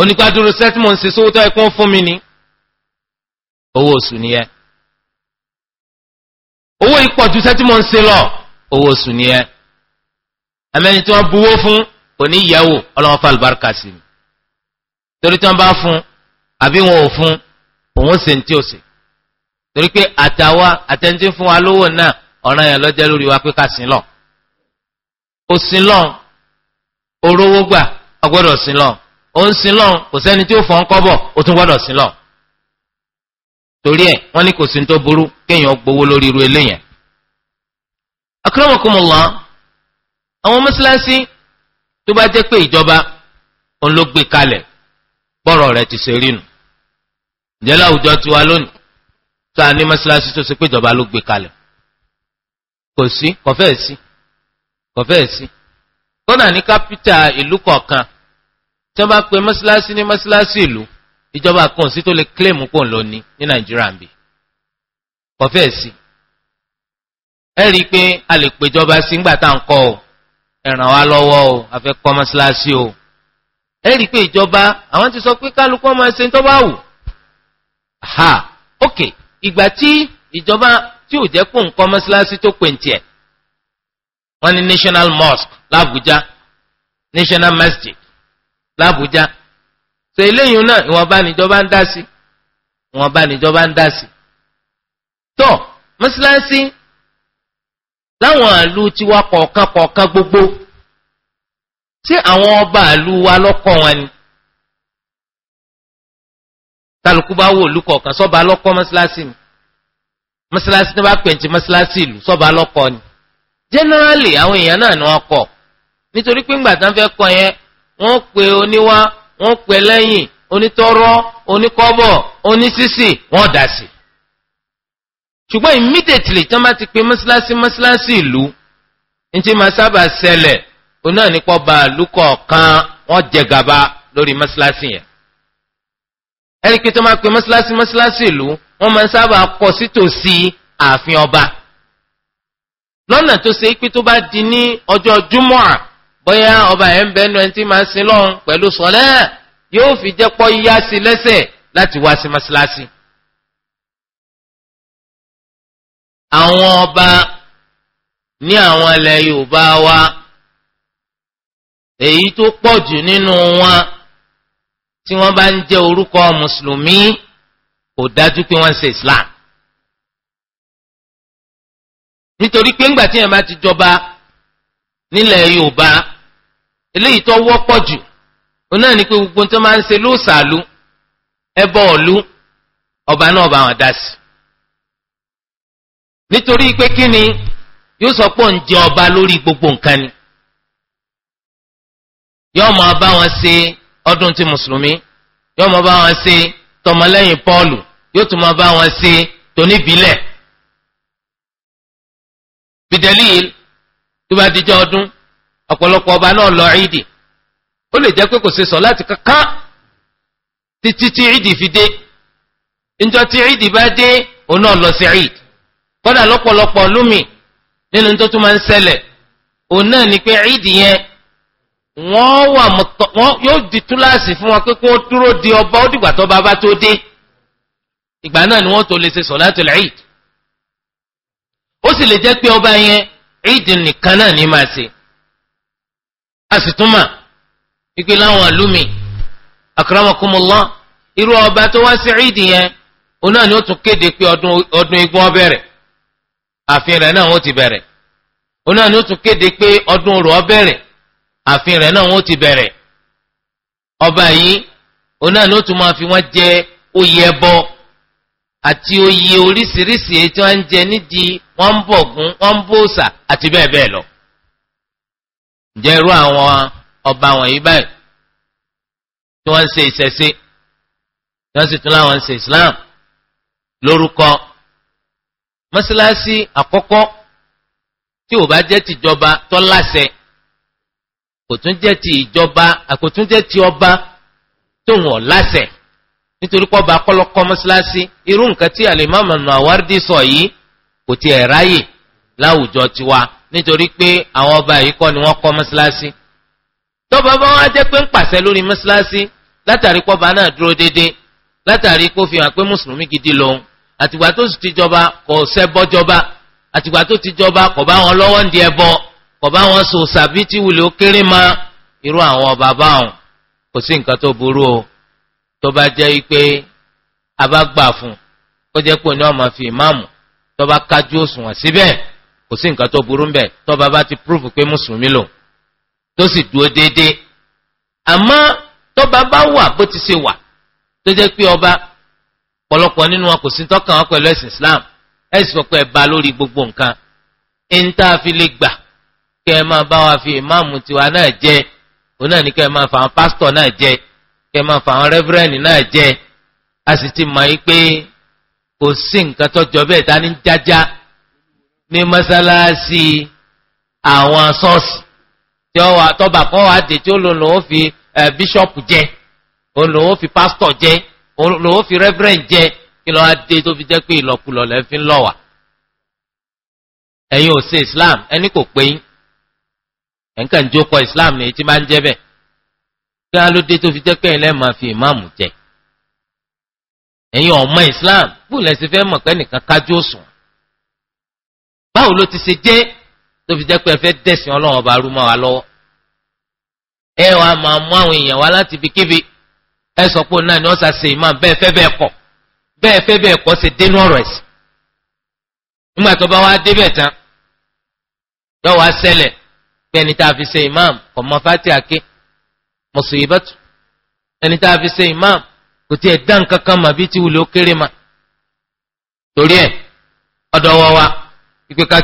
S1: onígbàdúró sẹ́tìmọ̀ ń ṣe sówó fún mi ni owó oṣù nìyẹn owó ìpọ̀jù sẹ́tìmọ̀ ń lọ owó oṣù nìyẹn àmẹ́ni tí wọ́n buwó fún òní ìyàwó ọlọ́wọ́n fa àlùbáríkà sí mi torí tí wọ́n bá fún àbí wọn ò fún òun sì ń tí ò sí torí pé àtàwa àtẹnudí fún wa lówó náà ọ̀ràn yẹn lọ́jẹ́ lórí wa pé ká sin lọ ó sin lọ orówó gbà ó gbọ́dọ̀ lọ ó ń sin lọ kò sẹ́ni tí ó fọ́n kọ́ bọ̀ ó tún gbọ́dọ̀ sin lọ torí ẹ̀ wọ́n ní kò sí tó burú kéèyàn gbowó lórí irú eléyẹn akramakumullah àwọn mọ́sálásí tó bá jẹ́ pé ìjọba òun ló gbé kalẹ̀ bọ́rọ̀ rẹ̀ ti ṣe rí nu ǹjẹ́ láwùjọ tiwa lónìí tó a ní mọ́sálásí tó ṣe pé ìjọba ló gbé kalẹ̀ kò sí kọfẹ́ sí kọfẹ́ sí kọ́nà ní kápítà ìlú kọ̀ọ̀kan tí wọ́n bá pe mọ́sálásí ní mọ́sálásí ìlú ìjọba kan sí tó lè kílèmù pò ń lò ní ní nàìjíríà ń bì kọfẹ́ sí ẹ rí i pé a lè péjọba sí ńgbà tá à ń kọ́ ọ ẹ ràn wá lọ́wọ́ o a fẹ́ kọ́ mọ́ṣáláṣí o ẹ rí i pé ìjọba àwọn ti sọ pé kálukú ọmọ ẹsẹ̀ tó bá wù ha ok ìgbà tí ìjọba tí ò jẹ́ pò ń kọ́ tó pè ń wọ́n ní national mosque làbújá national masjid làbújá ṣe eléyìí náà ìwọ̀nba níjọba ń dá sí ìwọ̀nba níjọba ń dá sí tó mọ́ṣáláṣí láwọn àlú tiwa kọ̀ọ̀kan kọ̀ọ̀kan gbogbo tí àwọn ọba àlú wa lọ́kọ̀ wọn ni kálukú bá wò ìlú kọ̀ọ̀kan sọ́ba lọ́kọ̀ mọ́sálásí ni mọ́sálásí ní bá pèntì mọ́sálásí ìlú sọ́ba lọ́kọ̀ ni generally àwọn èèyàn náà ni wọ́n kọ̀ nítorí pé ńgbà tán fẹ́ kọ yẹn wọ́n pe oníwá wọ́n pe lẹ́yìn onítọ́rọ́ oníkọ́bọ̀ onísísì wọ́n dà sí ṣùgbọ́n immediately tí wọ́n bá ti pe mọ́sálásí mọ́sálásí ìlú ní tí máa sábà ṣẹlẹ̀ oní ànípọ̀ bá lúkọ̀ kan wọ́n jẹ gàba lórí mọ́sálásí yẹn. ẹni pé tí wọ́n bá pe mọ́sálásí mọ́sálásí ìlú wọ́n máa sábà kọ sítòsí ààfin ọba. lọ́nà tó ṣe pé tó bá di ní ọjọ́ júmọ́à bóyá ọba ẹ̀ ń bẹ́nu ẹni tí máa sin lọ́run pẹ̀lú sọ́lẹ́ yóò fi jẹ́pọ̀ yá sí lẹ́sẹ̀ láti wá sí mọ́sálásí. àwọn ọba ní àwọn ilẹ̀ Yorùbá wa èyí tó pọ̀ jù nínú wọn tí wọ́n bá ń jẹ́ orúkọ mùsùlùmí kò dájú pé wọ́n ń ṣe Islam nítorí pé ńgbà tí yẹn bá ti jọba nílẹ̀ Yorùbá eléyìí tó wọ́pọ̀ jù òun náà ni pé gbogbo tó máa ń ṣe lóòsàlú ẹbọ ọ̀lú ọba náà bá wọn dá sí i. nítorí pé kí ni yóò sọ pé ń jẹ ọba lórí gbogbo nǹkan ni yóò máa bá wọn ṣe ọdún ti mùsùlùmí yóò máa bá wọn ṣe tọmọlẹ́yìn pọ́ọ̀lù yóò tún máa bá wọn ṣe tóníbílẹ̀ bìdẹ́lì tó bá dijọ́ ọdún ọ̀pọ̀lọpọ̀ ọba náà lọ ìdì ó lè jẹ́ pé kò ṣe sọ láti kankan títí tí ìdì fi dé njọ́ tí ìdì bá dé òun náà lọ sí ìdì. kódà lọ́pọ̀lọpọ̀ lómi nínú tó tún máa ń ṣẹlẹ̀ òun náà ni pé ìdí yẹn wọ́n wà mọ̀tọ́ wọ́n yóò di túláàsì fún wọn pé kó dúró di ọba ó dìgbà tó bàbá tó dé ìgbà náà ni wọ́n tó lè ṣe sọ̀látul Eid ó sì lè jẹ́ pé ọba yẹn Eid nìkan náà máa ṣe a sì ọba tó wá sí yẹn òun náà ni ó tún kéde pé ọdún ààfin rẹ̀ náà wọ́n ti bẹ̀rẹ̀ òun náà ni ó tún kéde pé ọdún orò ọbẹ̀rẹ̀ ààfin rẹ̀ náà wọ́n ti bẹ̀rẹ̀ ọba yìí òun ni ó tún máa fi wọ́n jẹ oyè ẹbọ àti oyè oríṣiríṣi tí wọ́n ń jẹ nídìí wọ́n ń bọ̀gún wọ́n ń bòòṣà àti bẹ́ẹ̀ bẹ́ẹ̀ lọ. ǹjẹ́ irú àwọn ọba wọ̀nyí báyìí tí wọ́n ń ṣe ìṣẹ̀ṣe tí wọ́n sì tún láwọn ń ṣe Islam lórúkọ mọ́sálásí àkọ́kọ́ tí ò bá jẹ́ tìjọba tọ́láṣẹ kò tún jẹ́ ti ìjọba kò tún jẹ́ ti ọba tóun ọ̀ láṣẹ nítorí pọ́ bá kọ́lọ́kọ́ mọ́sálásí irú nǹkan tí Al-Imam Nawawardi sọ yìí kò tiẹ̀ ráyè láwùjọ tiwa nítorí pé àwọn ọba yìí kọ́ ni wọ́n kọ́ mọ́sálásí tọ́ba bá wá jẹ́ pé ń pàṣẹ lórí mọ́sálásí látàrí pọ́ba náà dúró déédéé látàrí kó fi hàn pé mùsùlùmí gidi lòun àtìgbà tó sì ti jọba kò sẹ́bọ́jọba àtìgbà tó ti jọba kò bá wọn lọ́wọ́ ń di ẹbọ kò bá wọn sọ sàbí tí wùlé ó kéré ma irú àwọn bàbá ọ̀hún kò sí nǹkan tó burú o tó bá jẹ́ pé a bá gbà fún kó jẹ́ pé ní ọmọ fi ìmáàmù tó bá kájú òṣùwọ̀n síbẹ̀ kò sí nǹkan tó burú mbẹ̀ tó bá bá ti prúfù pé mùsùlùmí lò tó sì dúró déédéé àmọ́ tó bá bá wà bó ti ṣe wà tó jẹ́ pé ọba ọ̀pọ̀lọpọ̀ nínú wọn kò sí tọ́kàn wọn pẹ̀lú ẹ̀sìn Islam ẹ̀sìn pẹ̀pẹ́ ẹ̀ bá lórí gbogbo nǹkan ń tá a fi lè gbà kẹ́ ẹ máa bá wa fi ìmáàmù tiwa náà jẹ òun náà ní kẹ́ ẹ máa fa àwọn pásítọ̀ náà jẹ kẹ́ ẹ máa fa àwọn rẹ́fúrẹ́nì náà jẹ a sì ti mọ̀ yí pé kò sí nǹkan tó jọ bẹ́ẹ̀ ta ní jájá ní mọ́sálásí àwọn sọ́ọ̀sì tí ó wà tọ́ba kan wà dé tí ó lò lòun fi bíṣọ̀pù jẹ òun lòun fi pásítọ̀ jẹ lòun fi reverend jẹ kí lọ́wọ́ adé tó fi jẹ́ pé ìlọkulọ̀ lẹ́ fi ń lọ wà ẹ̀yin ò islam ẹni kò pé yín ẹ̀ǹkà ń jókòó islam ní etí máa ń jẹ́ bẹ́ẹ̀ kí á ló dé tó fi jẹ́ pé ẹ̀lẹ́ máa fi ìmáàmù jẹ ẹ̀yin ọ̀mọ islam bùnlẹ̀ sí fẹ́ mọ̀ pé nìkan kájú òsùn báwo ló ti ṣe jẹ́ tó fi jẹ́ pé ẹ fẹ́ dẹ̀sìn ọlọ́run ọba arúmọ́ wa lọ́wọ́ ẹ wàá máa mú àwọn èèyàn wá láti ibikíbi ẹ sọ pé náà ni imam bẹ́ẹ̀ fẹ́ bẹ́ẹ̀ kọ́ bẹ́ẹ̀ fẹ́ bẹ́ẹ̀ kọ́ ṣe dénú ọ̀rọ̀ ẹ̀sìn nígbà tó bá wá tán yóò a fi imam kò mọ fati Ake, mùsùlùmí ẹni tá a fi ṣe imam kò mà ti wùlé ó ma torí e, ọ̀dọ̀ wa wa ipe ká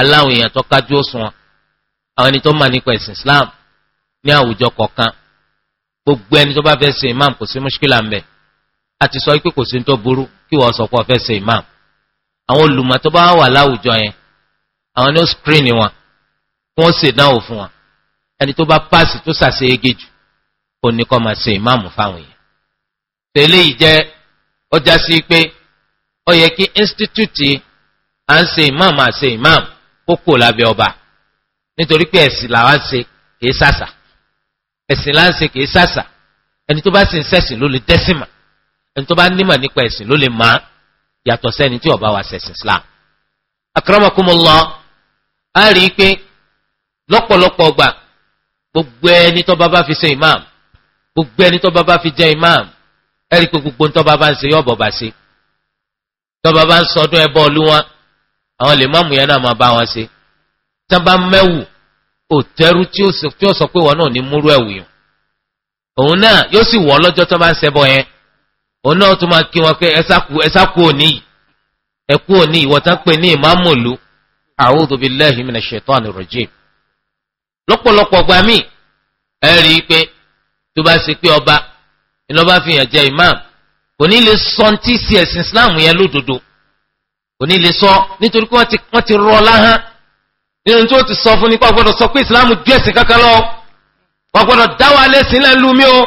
S1: aláwọn èèyàn tó kájú òṣùwọ̀n àwọn ẹni tó mà nípa ẹ̀sìn Islam ní àwùjọ kọ̀ọ̀kan gbogbo ẹni tó bá fẹ́ ṣe imam kò sí mushkila ń bẹ̀ àti sọ pé kò sí tó burú kí wọ́n sọ pé wọ́n ṣe imam àwọn olùmọ̀ tó bá wà láwùjọ yẹn àwọn ni ó screen wọn kí wọ́n ṣèdánwò fún wọn ẹni tó bá páàsì tó ṣàṣeyege jù ó ní kó máa ṣe imam fáwọn yẹn tẹ́lẹ̀ yìí jẹ́ ọjà sí pé ó yẹ kí institute à ń ṣe imam à ṣe imam kó kúrò lábẹ́ ọba nítorí pé ẹ̀sìn làwa ń ṣe kìí sàṣà ẹ̀sìn là ń ṣe kìí sàṣà ẹni tó bá sì ń ṣẹ̀sìn ló lè dẹ́sìmà ẹni tó bá nímọ̀ nípa ẹ̀sìn ló lè mọ̀ á yàtọ̀ sẹ́ni tí ó bá wà ṣẹ̀sìn Islam. akramakumullah á rí i pé lọ́pọ̀lọpọ̀ ọgbà gbogbo ẹni tó bá bá fi ṣe imam gbogbo ẹni tó bá bá fi jẹ imam ẹ̀rí pé gbogbo ní tó bá bá ń ṣe yọ̀bọ̀ bá ṣe tó bá bá ń sọdún ẹbọ ọlú wọn àwọn lè mọ́mù yẹn náà máa bá wọn ṣe tí wọ́n bá mẹ́wù òtẹ́rú tí ó sọ pé wọn náà ní múrú ẹ̀wù yàn òun náà yóò sì wọ́ lọ́jọ́ tó bá ń ṣẹbọ yẹn òun náà tún máa kí wọn pé ẹ̀sà kú òní yìí ẹ̀kú òní ìwọ̀ tán pè ní ìmáàmù ìlú a'udhu billahi minash shaitani rajim lọ́pọ̀lọpọ̀ gba míì ẹ rí i pé tó bá ṣe pé ọba ìlọba fi hàn jẹ ìmáàmù kò ní lè sọ kò ní lè sọ nítorí pé wọ́n ti wọ́n ti rọ láhán nínú tí ó ti sọ fún nípa gbọ́dọ̀ sọ pé ìsìláàmù ju ẹ̀sìn kankan lọ wọ́n gbọ́dọ̀ dá wa lẹ́sìn náà lu mí o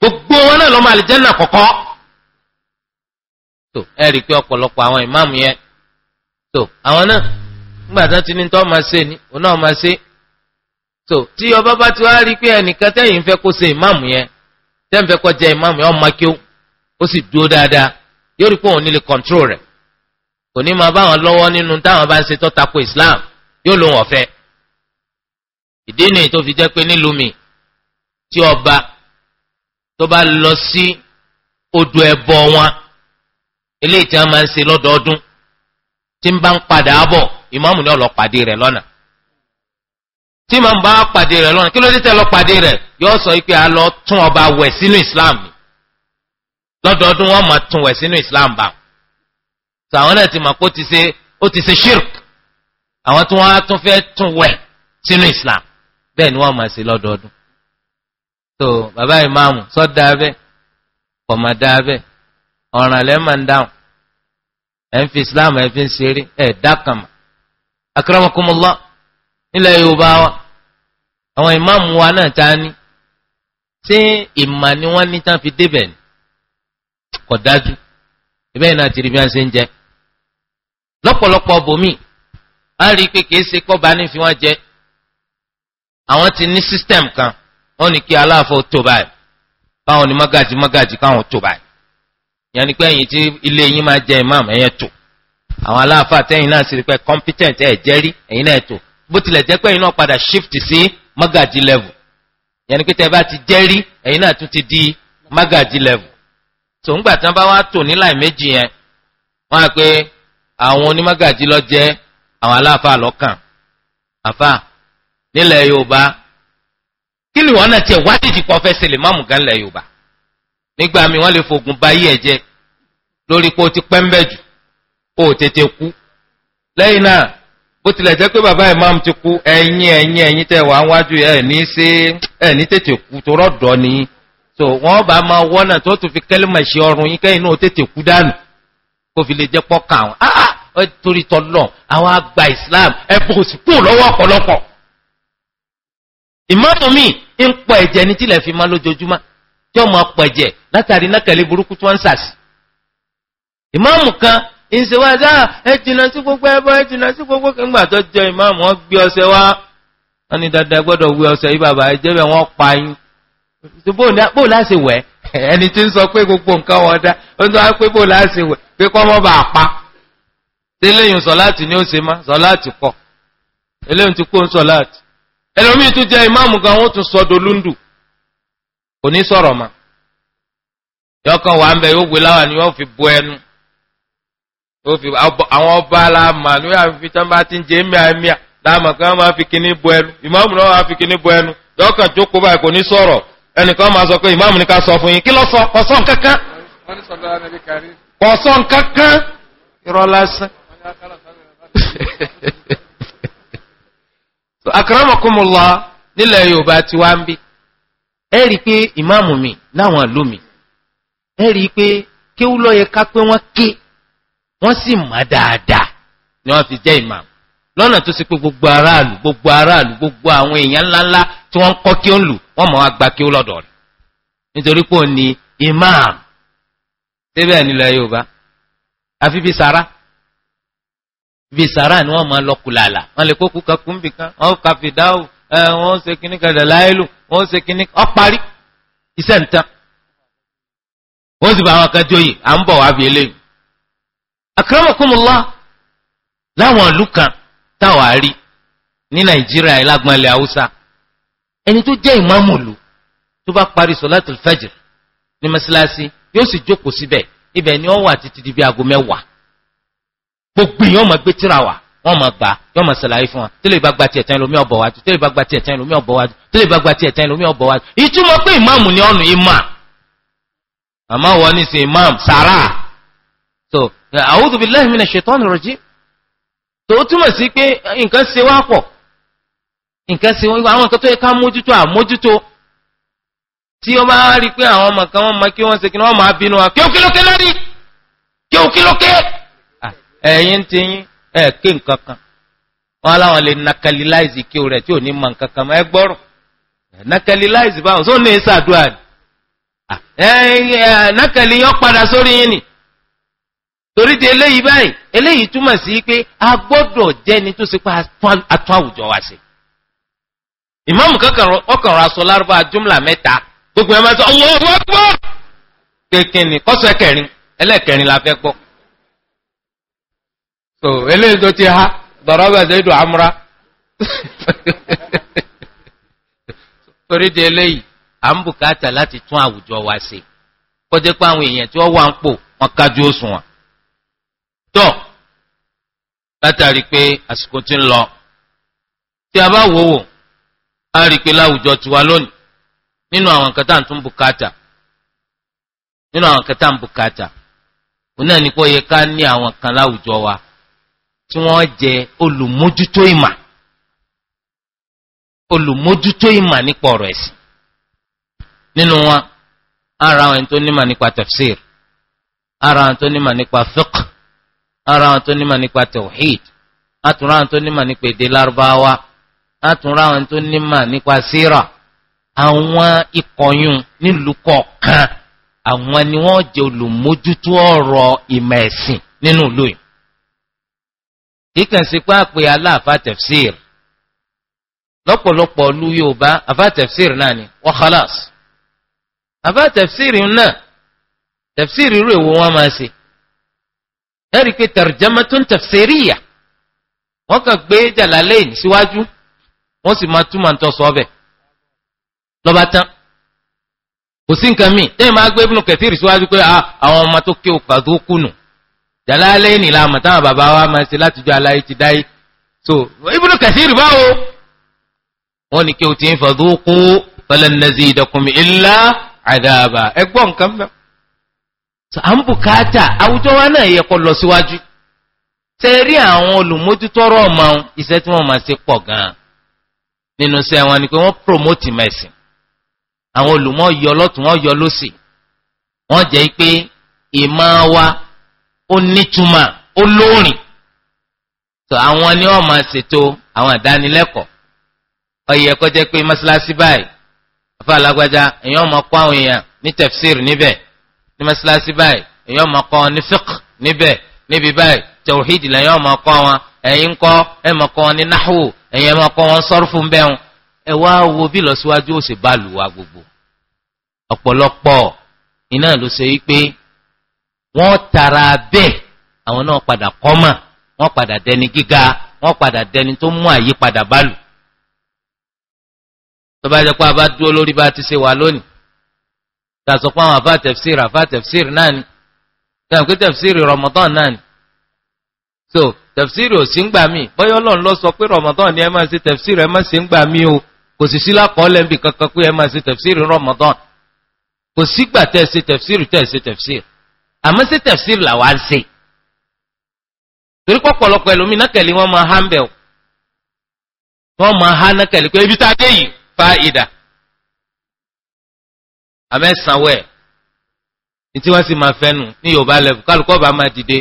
S1: gbogbo wọn náà lọ́mọ àlìjẹ́nà kọ̀kọ́. tó ẹ rí i pé ọ̀pọ̀lọpọ̀ àwọn ìmáàmù yẹn tó àwọn náà nígbà tí wọ́n ti ní tó máa ṣe ni òun náà máa ṣe tó tí ọba bá ti wá rí i pé ẹnìkan tẹ́yìn fẹ́ kó ṣe ìmáàmù yẹn kò ní máa bá wọn lọ́wọ́ nínú táwọn bá ń ṣe tó tako Islam yóò ló wọn fẹ́ ìdí nìyí tó fi jẹ́ pé nílùú mi tí ọba tó bá lọ sí odò ẹbọ wọn eléyìí tí wọn máa ń ṣe lọ́dọọdún tí ń bá ń padà bọ̀ ìmáàmù ni ó lọ pàdé rẹ̀ lọ́nà tí màá bá pàdé rẹ̀ lọ́nà kí ló dé tẹ́ lọ rẹ̀ yóò sọ pé a lọ tún ọba wẹ̀ sínú Islam lọ́dọọdún wọn máa tún wẹ̀ sínú Islam báwọn sọ àwọn náà ti mọ̀ pé ó ti ṣe ó àwọn tí wọ́n á tún fẹ́ tún wẹ̀ sínú Islam bẹ́ẹ̀ ni wọ́n máa ṣe lọ́dọọdún so bàbá ìmáàmù sọ dáa bẹ́ẹ̀ kò má dáa bẹ́ẹ̀ ọ̀ràn lẹ́ máa ń dáhùn ẹ̀ ń fi Islam ẹ̀ fi ń ṣeré ẹ̀ dákàmà akramakumullah nílẹ̀ Yorùbá wa àwọn ìmáàmù wa náà ta ni tí ìmà ni wọ́n ní tán fi débẹ̀ kò dájú ìbẹ́yìn náà ti rí bí wọ́n ṣe ń jẹ́ lọ́pọ̀lọpọ̀ bòmí a rí i pé kìí ṣe kọ́ba ní fi wọ́n jẹ àwọn ti ní system kan wọ́n ní kí aláàfọ̀ tó báyìí báwọn ní mọ́gàjì mọ́gàjì káwọn tó báyìí yẹn ni pé ẹ̀yin tí ilé yín máa jẹ imam ẹ̀yẹn tó àwọn aláàfọ̀ àtẹ̀yìn náà sì rí pé competent ẹ̀ jẹ́rí ẹ̀yin náà tó bó tilẹ̀ jẹ́ pé ẹ̀yin náà padà shift sí mọ́gàjì level yẹn ni pé tẹ́ bá ti jẹ́rí ẹ̀yin náà tún ti di mọ́gàjì level tòǹgbà tán bá wá tò ní láì méjì yẹn wọ́n á pé àwọn onímọ̀gàjì ló jẹ́ àwọn aláàfáà lọ́kàn àfáà nílẹ̀ yorùbá kí ni wọ́n náà tiẹ̀ wá títí kọ́ fẹ́ ṣẹlẹ̀ máàmù gan nílẹ̀ yorùbá nígbà míì wọ́n lè fògùn báyé ẹ̀ jẹ́ lórí pé o ti pẹ́ńbẹ́ jù kó o tètè kú lẹ́yìn náà bó tilẹ̀ jẹ́ pé bàbá imam ti kú ẹ̀yin ẹ̀yin ẹ̀yin tẹ̀ wá wájú ẹ̀ ní ṣe ẹ̀ ní tètè kú torọ́ dọ̀ ni so wọ́n bá máa wọ́nà tó tún fi kẹ́lẹ́mọ̀ ṣe ọrùn yín kẹ́yìn náà ó tètè kú dànù kó fi lè jẹ́ pọ́kà àwọn ah, ah torí tọ́lọ̀ àwọn àgbà islam ẹ̀bùn kò sì kú lọ́wọ́ ọ̀pọ̀lọpọ̀ ìmáàmù mi ń pọ̀ ẹ̀jẹ̀ ní tilẹ̀ fi máa lójoojúmọ́ tí ó máa pọ̀ ẹ̀jẹ̀ látàrí nákàlẹ́ burúkú tí wọ́n ń sàsì ìmáàmù kan ń ṣe wá dáa ẹ jìnnà sí gbogbo ẹbọ ẹ jìnnà sí gbogbo nígbà tó jẹ ìmáàmù wọn gbé ọṣẹ wá wọn ní dandan gbọ́dọ̀ wí ọṣẹ yìí bàbá ẹ jẹ́ bẹ́ẹ̀ wọ́n pa yín bó láṣẹ wẹ̀ ẹni tí ń sọ pé gbogbo nǹkan wọn dá ó ń sọ pé bó láti wẹ̀ pé kọ́ mọ́ bá a pa tẹ́lẹ̀yìn sọ̀láàtì ni ó ṣe má sọ̀láàtì pọ̀ eléyìí ti kó ń sọ̀láàtì ẹlòmíì tún jẹ́ ìmáàmù gan wọ́n tún sọ dolúndù kò ní sọ̀rọ̀ mà yọkàn wà ń bẹ yóò gbé láwà ni yóò
S2: fi bu ẹnu yóò fi àwọn ọba aláàmà ni yóò fi tán bá ti ń jẹ mìà mìà láàmà kan máa fi kíní bu ẹnu ìmáàmù náà máa fi kíní bu ẹnu yọkàn jókòó báyìí kò ní sọ̀rọ̀ ẹnìkan máa sọ pé ìmáàmù ní ká sọ fún yín kí ló sọ kò sọ nǹkankan kò sọ nǹkankan irọ́ lásán.
S1: akramakumullah nílẹ̀ yorùbá wá pé ìmáàmù mi láwọn ìlú mi ẹ pé ká pé wọ́n ké wọ́n sì mọ̀ dáadáa ni wọ́n fi jẹ́ ìmáàmù lọ́nà tó gbogbo aráàlú gbogbo gbogbo àwọn èèyàn ńláńlá tí wọ́n ń kọ́ kí ó ń lù wọ́n mọ̀ wá kí lọ́dọ̀ rẹ̀ nítorí pé ní imam débẹ̀ nílẹ̀ yorùbá àfi bíi sara sara ni wọ́n máa lọ wọ́n lè kó kú bì kan wọ́n kà fi dáwò ẹ wọ́n ṣe kíní kadà láìlù wọ́n ṣe kíní ọ́ parí iṣẹ́ wọ́n sì ẹni tó jẹ́ ìmáàmù lù tó bá parí sọ̀látùl fajr ní mọ́sálásí yóò sì jókòó síbẹ̀ ibẹ̀ ni ó wà títí di bí aago mẹ́wàá gbogbo yìí wọ́n máa gbé tíra wà wọ́n máa gbà yọ́n máa ṣàlàyé fún wa tẹ́lẹ̀ bá gba tiẹ̀ tán lómi ọ̀bọ̀ wájú tẹ́lẹ̀ bá gba tiẹ̀ tán lómi ọ̀bọ̀ wájú tẹ́lẹ̀ bá gba tiẹ̀ tán lómi ọ̀bọ̀ wájú ìtumọ̀ pé ìmáàmù ni ọ̀nù ìmà àmọ́ wọ́n ní sin imam sàrà so a'udhu billahi minash shaitani rajim tó túmọ̀ sí pé nǹkan ṣe wá pọ̀ nǹkan sí wọn àwọn nǹkan tó yẹ ká mójútó àmójútó tí wọ́n bá rí pé àwọn ọmọ kan wọ́n mọ kí wọ́n ṣe kí wọ́n máa bínú wa kí òkìlókè lórí kí òkìlókè ẹ̀yin ti yín ẹ̀ kí nǹkan kan wọ́n láwọn lè nakaliláìsì kí o rẹ̀ tí ò ní mọ nǹkan kan ẹ gbọ́rọ̀ nakaliláìsì báwọn sọ ní ìsàdúrà ni nakali yọ padà sórí yín ni torí di eléyìí báyìí eléyìí túmọ̀ sí pé a gbọ́dọ̀ jẹ́ni tó ṣe pé atún àwùjọ wa ṣe. ìmáàmù kankan ra sọ lárúbá jumla mẹta gbogbo ẹ̀ máa sọ kékeré la so eléyìí tó ti ha dọ̀rọ̀ bẹ̀ ṣe dùn amúra torí di eléyìí à ń bùkátà láti tún àwùjọ wa ṣe pé àwọn èèyàn tí wọ́n ń lọ tí a á rí i pé láwùjọ tiwa lónìí nínú àwọn nǹkan tá à ń tún bùkátà nínú àwọn nǹkan tá à ń bùkátà òun náà yẹ ká ní àwọn kan láwùjọ wa tí wọ́n jẹ́ olùmójútó ìmà olùmójútó ìmà nípa ọ̀rọ̀ ẹ̀sìn nínú wọn ara àwọn tó nímà nípa tafsir ara àwọn tó nímà nípa fiqh ara àwọn tó nímà nípa tawhid àtúrà àwọn tó nímà nípa èdè lárúbáwá látúnra àwọn tó nímà nípa síra àwọn ikọ̀yún nílùú kọ̀ọ̀kan àwọn ni wọ́n jẹ́ olùmójútó ọ̀rọ̀ ìmọ̀ ẹ̀sìn nínú ìlú yìí. kíkàn sí pé àpè aláàfà tẹ̀fsíìr lọ́pọ̀lọpọ̀ ìlú Yorùbá àfà tẹ̀fsíìr náà ni wọ́n kálàs. àfà tẹ̀fsíìr náà tẹ̀fsíìr irú èwo wọn máa ṣe. ẹ̀rí pé tarjamatun tafsiriyya wọ́n kàn gbé Jalalayn síwájú. Si wọ́n sì máa túmọ̀ tó sọ ọbẹ̀ lọ́ba tán kò sí nǹkan míì tẹ́yìn máa gbé Ibn Kathir síwájú pé ah, àwọn ọmọ tó ké òkà tó kùnù jàlálẹ́ ní ìlànà táwọn bàbá wa máa ṣe látijọ́ aláyé ti dáyé so Ibn Kathir báwo wọ́n ní kí o ti ń fọdún kú falan nazidakum illa adaba ẹgbọ́n nǹkan mẹ́wàá so à ń bùkátà àwùjọ wa náà yẹ kó lọ síwájú tẹ́rí àwọn olùmójútọ́rọ̀ ọmọ iṣẹ́ tí wọ́n máa ṣe pọ̀ gan-an nínú iṣẹ́ wọn ni pé wọ́n promote mẹ̀sìn àwọn olùmọ̀ yọ lọ́tún wọ́n yọ lọ́sì wọ́n jẹ́ pé ìmọ̀ wa ó nítumọ̀ ó lóòrìn tó àwọn ni wọ́n máa ṣètò àwọn ìdánilẹ́kọ̀ọ́ ọyẹ kó jẹ́ pé mọ́ṣáláṣí báyìí afa alágbájá èèyàn máa kọ́ àwọn èèyàn ní tefsir níbẹ̀ ní mọ́ṣáláṣí báyìí èèyàn máa kọ́ wọn ní fiqh níbẹ̀ níbi báyìí tawhid lẹ́yìn ọmọ kọ́ wọn ẹ̀yin kọ́ ẹ máa kọ́ wọn ní náhù ẹ̀yin ẹ máa kọ́ wọn sọ́rùfù bẹ́ẹ̀ ẹ wá wo bí lọ́síwájú ó sì bá lù wá gbogbo ọ̀pọ̀lọpọ̀ iná ló ṣe wípé wọ́n tara bẹ́ẹ̀ àwọn náà padà kọ́mà wọ́n padà dẹni gíga wọ́n padà dẹni tó mú àyípadà bá tó bá jẹ́ pé a bá dúró lórí bá ti ṣe wà lónìí tàṣọ àwọn àfáà tẹ̀fsìrì àfáà tẹ̀fsìrì náà ni so tẹ̀fsìrì ò sí ń gbà mí bọ́yọ́ ọlọ́run lọ sọ pé rọmọdán ni ẹ máa ṣe tẹ̀fsìrì ẹ máa ṣe ń gbà mí o kò sì sí lákọọ́lẹ̀ níbi kankan pé ẹ máa ṣe tẹ̀fsìrì rọmọdán kò sígbà tẹ̀ ṣe tẹ̀fsìrì tẹ̀ ṣe tẹ̀fsìrì àmọ́ ṣe tẹ̀fsìrì làwa ń ṣe torí pọ̀pọ̀lọpọ̀ ẹlòmíì nákẹ́lì wọ́n máa há ń bẹ̀ máa há nákẹ́lì pé ibi tá a dé yìí fa ìdà àmẹ́sàn-án wẹ̀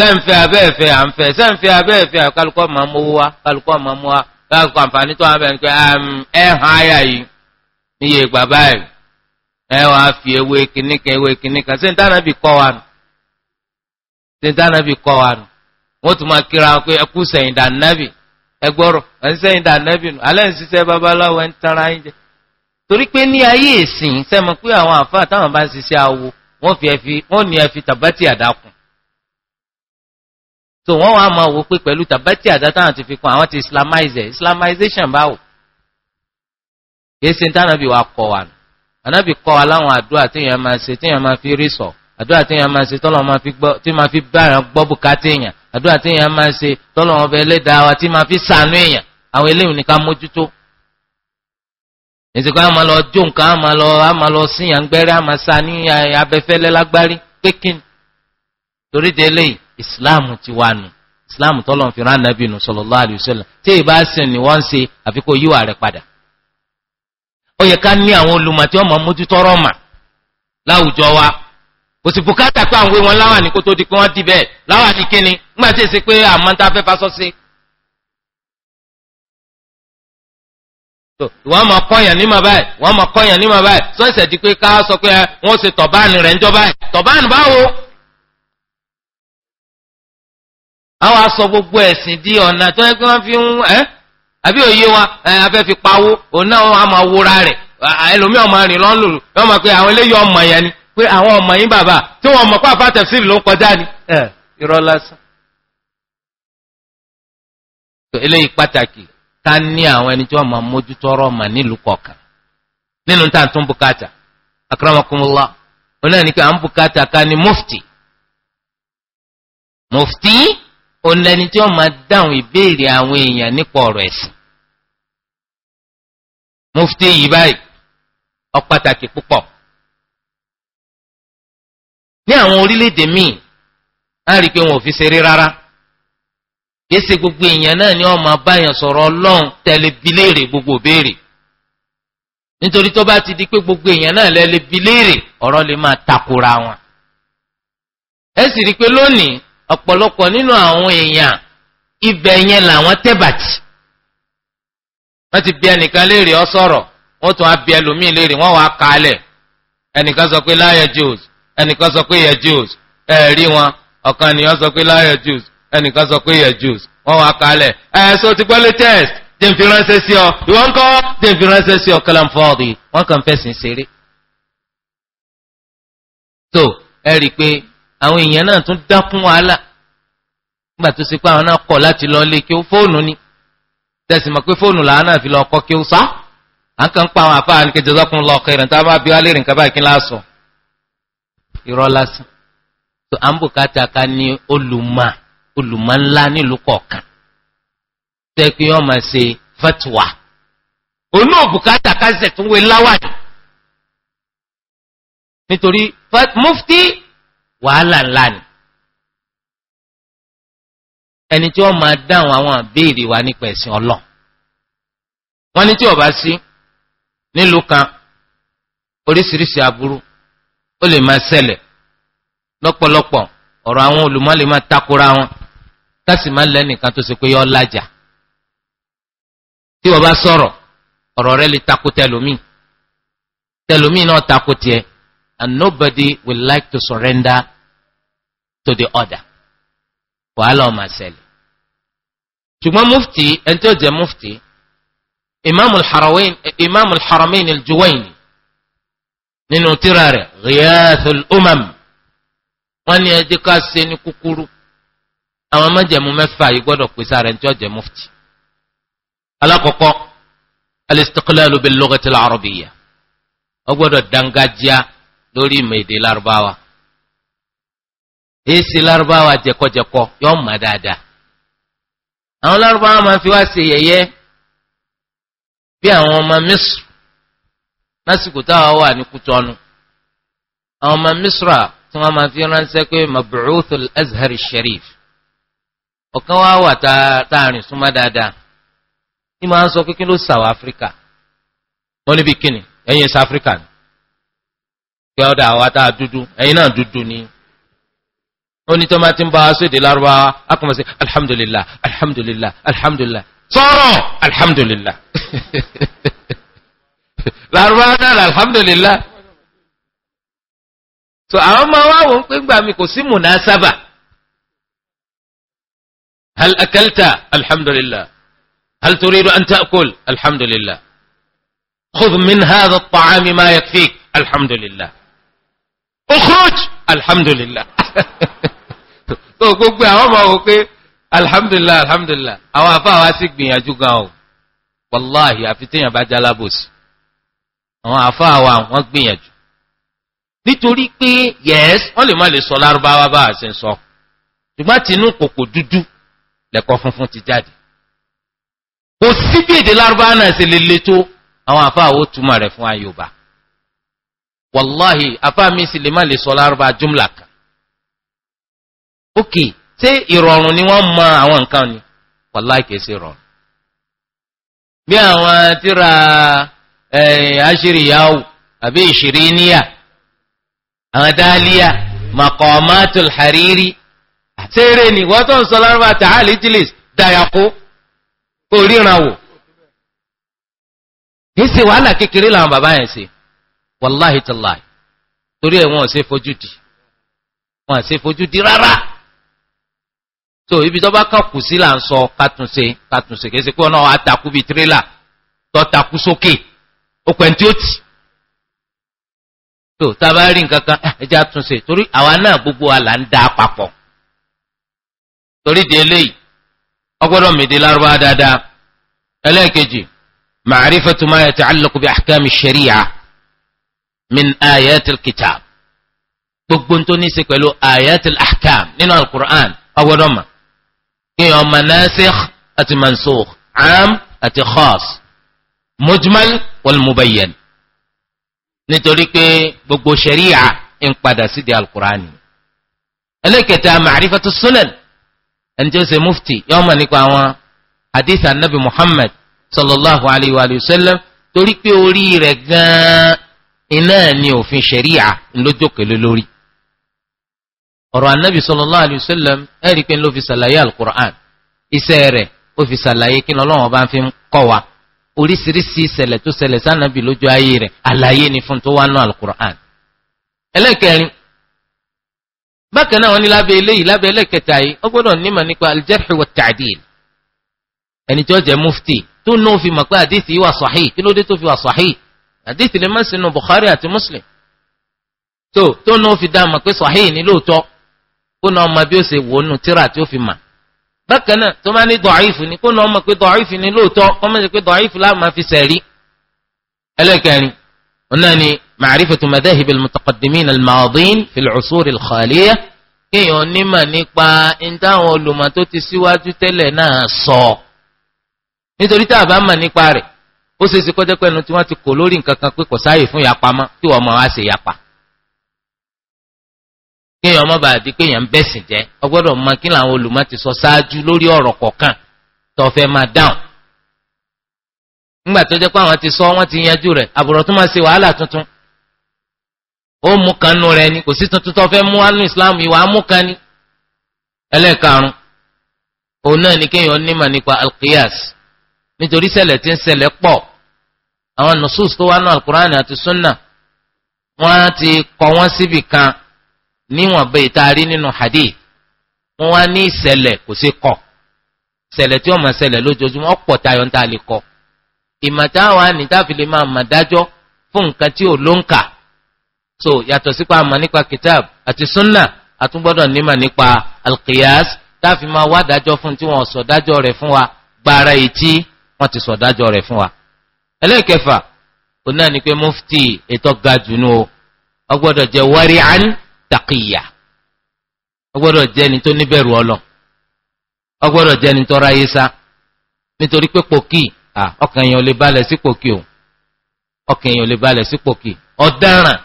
S1: sẹ́ǹfẹ́ abẹ́ẹ̀fẹ́ à ń fẹ́ sẹ́ǹfẹ́ abẹ́ẹ̀fẹ́ kálukọ́ máa mú wa kálukọ́ máa mú wa kálukọ́ àǹfààní tó wà bẹ́ẹ̀ ni pé um, ẹ hàn áyà yìí níye ìgbà báyìí ẹ wàá fi ewé kìnnìkan ewé kìnnìkan ṣé nítorí ànábì kọ́ wa nù ṣé nítorí ànábì kọ́ wa nù wọ́n tún máa kíra pé ẹ kú sẹ̀yìn dà nábì ẹ gbọ́rọ̀ ẹ ń sẹ̀yìn dà nù alẹ́ ń ṣiṣẹ́ babaláwo ẹ ń so wọ́n wá máa wò pé pẹ̀lú tàbátì àdáta àti fikun àwọn ti islamize islamization báwò kìí ṣe tánàbí wa kọ wa nù ànábì kọ wa láwọn àdúrà téèyàn máa ṣe téèyàn máa fi rí sọ àdúrà téèyàn máa ṣe tọ́lọ́ máa fi gbọ́ tí máa fi bá àyàn gbọ́ bùkátà èèyàn àdúrà téèyàn máa ṣe tọ́lọ́ wọn fẹ́ lẹ́dàá wa tí máa fi sànú èèyàn àwọn eléyìí ní mójútó èsì kan lọ jó nǹkan àmà lọ síyàn gbẹ́rẹ́ àmà sa ní abẹ́fẹ́lẹ́ lágbárí pékin torí de ìsìláàmù ti wà Islam ìsìláàmù tọ́lọ̀ fi rán nàbì nù sallallahu alaihi wasallam tí ì bá sìn ni wọ́n ń ṣe àfi kó yíwà rẹ̀ padà. ó yẹ ká ní àwọn wa kò sì bùkátà pé àwọn wọn láwà ní kó tó di pé wọ́n di bẹ́ẹ̀ láwà ní kíni nígbà tí èsì pé àmọ́ tá a fẹ́ fasọ́ sí. wọ́n mọ̀ kọ́yàn ní màá báyìí wọ́n mọ̀ kọ́yàn ní sọ́ọ̀sẹ̀ di pé ká sọ pé wọ́n ṣe àwọn asọ gbogbo ẹ̀sìn di ọ̀nà tó yẹ wọn fi ń ẹ́ àbí òye wa fi pawó òun náà wọ́n á máa wúra rẹ̀ ẹlòmíràn máa rìn lọ́n lòlù máa pe àwọn eléyìí ọmọ yẹn ni pé àwọn ọmọ yín bàbá tí wọ́n mọ̀ pé àfàtẹ̀ sí ló ń kọjá ni irọ́ lásán. òun lẹni tí ó máa dáhùn ìbéèrè àwọn èèyàn nípa ọ̀rọ̀ ẹ̀sìn mufti yìí báyìí ó pàtàkì púpọ̀ ní àwọn orílẹ̀-èdè míì á rí i pé wọn ò fi ṣeré rárá yéṣe gbogbo èèyàn náà ni wọn máa báyàn sọ̀rọ̀ ọlọ́run tẹ̀lé biléèrè gbogbo béèrè nítorí tó bá ti di pé gbogbo èèyàn náà lẹ́lẹ́ biléèrè ọ̀rọ̀ lè máa takora wọn ẹ sì rí pé lónìí ọ̀pọ̀lọpọ̀ nínú àwọn èèyàn ibẹ̀ yẹn làwọn tẹ́bàtì wọ́n ti bí ẹnìkan léèrè ọ sọ̀rọ̀ wọ́n tún á bí ẹlòmíì léèrè wọ́n wàá kaalẹ̀ ẹnìkan sọ pé láyẹ̀ jùs ẹnìkan sọ pé yẹ jùs ẹ rí wọn ọ̀kan ènìyàn sọ pé láyẹ̀ jùs ẹnìkan sọ pé yẹ jùs wọ́n wàá kaalẹ̀ ẹ so ti gbọ́ test jẹ́ n fi ránṣẹ́ sí ọ ìwọ ń kọ́ jẹ́ n fi ránṣẹ́ sí ọ kẹlẹ́ fọ́ọ̀dì wọ́n kàn fẹ̀sìn ṣeré. so ẹ rí i pé àwọn èèyàn náà tún dákún wàhálà nígbà tó ṣe pé àwọn náà kọ̀ láti lọ lé kí ó fóònù ni tẹ̀sí mọ̀ pé fóònù làwọn náà fi lọ kọ́ kí ó sá à ń kàn pa àwọn àfáà ní kejì ọ̀sọ́kùnrin lọ ọ̀kẹ́ rẹ̀ tá a bá bí wá lè rìn kábàá kí n láàsọ irọ́ lásán tó à ń bùkátà ká ní olùmọ̀ olùmọ̀ ńlá nílùú kọ̀ọ̀kan tẹ́ pé wọ́n máa ṣe fẹ́tùwà onú òbùkátà ká ṣẹ̀ láwàdì nítorí mufti wàhálà ńlá ni ẹni tí wọ́n máa dáhùn àwọn àbéèrè wa nípa ẹ̀sìn Ọlọ́run wọ́n ní tí ó bá sí nílùú kan oríṣiríṣi aburú ó lè máa ṣẹlẹ̀ lọ́pọ̀lọpọ̀ ọ̀rọ̀ àwọn olùmọ̀ lè máa takora wọn tásì máa lẹ́nìkan tó ṣe pé yọ lájà tí ó bá sọ̀rọ̀ ọ̀rọ̀ rẹ̀ lè tako tẹlómi tẹlómi náà tako tiẹ̀ and nobody will like to surrender to the order wàhálà ọmọ àṣẹlẹ̀ ṣùgbọ́n mufti ẹni tó jẹ́ mufti imaamu al-haramain al-juwaini nínú tírà rẹ̀ ghiyathul umam wọ́n ní ẹjẹ́ ká ṣe ní kúkúrú àwọn májẹ̀mú mẹ́fà yìí gbọ́dọ̀ pé sára ẹni tó jẹ́ mufti alákọ̀ọ́kọ́ al-istiqlalu bil-lughati al-arabiyyah ó lórí ìmọ̀ èdè lárúbáwá èsì lárúbáwá jẹkọjẹkọ yọ mọ dáadáa àwọn lárúbáwá máa fi wá ṣe yẹ̀yẹ́ bí àwọn ọmọ Misr lásìkò táwa wà ní Kútọnù àwọn ọmọ Misra tí wọ́n máa fi ránṣẹ́ pé mab'uthul Azhar Sharif ọ̀kan wá wà táàrin súnmọ́ dáadáa kí máa ń sọ pé kí ló sàwọ Áfíríkà wọ́n níbi kíni ẹ̀yin sàfíríkà ni kí ọdà àwa tá a dúdú ẹ̀yin náà dúdú ni. oni tó máa ti ń bá a sọ èdè lárúbáwá a kò mọ̀ sí alhamdulillah alhamdulilah alhamdulilah sọ̀rọ̀ alhamdulillah lárúbáwá náà alhamdulillah so àwọn ọmọ wa wọn pé gbà mí kò sí munasaba hal akalta alhamdulilah hal turidu an ta'kul خذ من هذا الطعام ما يكفيك الحمد لله اخرج الحمد لله tó gbogbo àwọn ọmọ wò pé alhamdulilah alhamdulilah àwọn àfa wa sì gbìyànjú gan o wàláhì àfi téèyàn bá jalábòsì àwọn àfa wa wọ́n gbìyànjú nítorí pé yes wọ́n lè má lè sọ lárúbáwá bá a ṣe ń sọ ṣùgbọ́n tinú kòkò dúdú lẹ́kọ̀ọ́ funfun ti jáde kò sí bí èdè lárúbáwá náà ṣe lè le tó àwọn àfa wo túmọ̀ rẹ̀ fún ayọ̀bá wàláhì àfa mi sì lè má lè sọ lárúbáwá jùmlà kan òkè ṣé ìrọ̀rùn ni wọ́n mọ àwọn nǹkan ni wàláì kìí ṣe rọ̀rùn bí àwọn tíra aṣíríyàwó àbí ìṣìríníyà àwọn dáálíyà maqamatul hariri àtẹ́rẹ́ ni wọ́n tó ń sọ lárúbá tààlì tìlẹ̀ dàyàkó kó ríran wò wàhálà kékeré làwọn bàbá yẹn ṣe wọ́n ṣe fojú di rárá so ibi tó bá kàn kù sí là ń sọ kàtúnṣe kàtúnṣe kìí ṣe pé ọ̀nà àtàkù bíi tirẹ́là tó takú sókè ó pẹ̀ tí ó tì so tá a bá rí nǹkan kan eh, ẹja túnṣe torí àwa náà gbogbo wa là ń dá papọ̀ torí di eléyìí ọgbọ́dọ̀ mèdè lárúbá dáadáa ẹlẹ́ẹ̀kejì ma'rifatu ma yata'allaqu bi ahkami shari'a min ayatil kitab gbogbo tó ní í ṣe pẹ̀lú ayatil alukur'an ọgbọ́dọ̀ mọ̀ kéèyàn ọmọ nasikh àti mansukh am àti khas mujmal wal mubayyan nítorí pé gbogbo sẹríya ń padà sí di alukurani ẹlẹ́kẹta ma'rifatu sunan ẹni tí ó ṣe mufti yóò mọ̀ nípa àwọn hadith anabi muhammad sallallahu alayhi wa sallam torí pé orí rẹ̀ gan iná ni òfin sẹríya ńlójókèlé lórí ọ̀rọ̀ anabi sallallahu alayhi wa sallam ẹ̀rí pé ló fi ṣàlàyé alukur'an iṣẹ́ rẹ̀ ó fi ṣàlàyé kí ni ọlọ́run bá fi ń kọ́ wa oríṣiríṣi ìṣẹ̀lẹ̀ tó ṣẹlẹ̀ sànàbì lójú ayé rẹ̀ àlàyé ni fún tó wà nù alukur'an. ẹlẹ́kẹrin bákan náà wọn ní lábẹ́ eléyìí lábẹ́ ẹlẹ́kẹta yìí ó gbọ́dọ̀ nímọ̀ nípa aljarh wa ta'dil ẹni tí ó jẹ́ mufti tó náà fi mọ̀ kó náà ọmọ bí ó ṣe wò ó nù tíra tí ó fi mà bákan náà tó máa ní dọ̀ọ́ìfù ni kó náà ọmọ pé dọ̀ọ́ìfù ni lóòótọ́ ọmọ ṣe pé dọ̀ọ́ìfù láà máa fi sẹ̀rí ẹlẹ́kẹrin ọ̀nà ni ma'rifatu madahib al-mutaqaddimin al-maadin fi al-usur al-khaliya kéèyàn onímọ̀ nípa ìdáhùn olùmọ̀ tó ti síwájú tẹ́lẹ̀ náà sọ nítorí tá a bá mọ̀ nípa rẹ̀ ó ṣeéṣe kọjá pẹ́nu tí wọ́n ti kò lórí nǹkan kan pé kò sáàyè fún ìyapa mọ́ tí wọ́n mọ̀ wá ṣe ìyapa. kéèyàn ọmọ bàa di kéèyàn bẹ́sìn bẹ̀sìn jẹ́ ọgbọ́dọ̀ mọ kí làwọn olùmọ̀ ti sọ ṣáájú lórí ọ̀rọ̀ kọ̀ọ̀kan tó fẹ́ máa dáhùn. nígbà tó jẹ́ pé àwọn ti sọ wọ́n ti yanjú rẹ̀ àbùrọ̀ tó máa ṣe wàhálà tuntun. ó mú ni kò sí tuntun tó fẹ́ mú wánú Islam ìwà ni. ún òun náà ni kéèyàn nípa alqiyas nítorí ń pọ̀ àwọn nusus tó wá náà níwọ̀n bẹ́ẹ̀ tá a rí nínú hadith wọ́n wá ní ìṣẹ̀lẹ̀ kò sí kọ̀ ìṣẹ̀lẹ̀ tí wọ́n máa ṣẹlẹ̀ lójoojúmọ́ ọ̀pọ̀ tayọ̀ ń tà lè kọ́ ìmọ̀tá ní táfi lè máa mọ̀ dájọ́ fún nǹkan tí ò ló ń kà so yàtọ̀ sípa àmọ́ nípa kitab àti sunna àtúgbọ́dọ̀ nímọ̀ nípa alqiyas táfi máa wá dájọ́ fún tí wọ́n sọ dájọ́ rẹ̀ fún wa gbára èyí tí wọ́n ti sọ dájọ́ rẹ̀ fún wa ẹlẹ́ẹ̀kẹfà òun náà ni pé mufti ètò ga jù nù ó ọgbọ́dọ̀ jẹ́ wárí án takiyaa. ọgbọ́dọ̀ jẹ́ ẹni tó níbẹ̀rù ọlọ, ọgbọ́dọ̀ jẹ́ ẹni tó ráyé sá nítorí pé pòkì ọkàn èèyàn lè balẹ̀ sí pòkì o ọkàn èèyàn lè balẹ̀ sí pòkì ọ̀daràn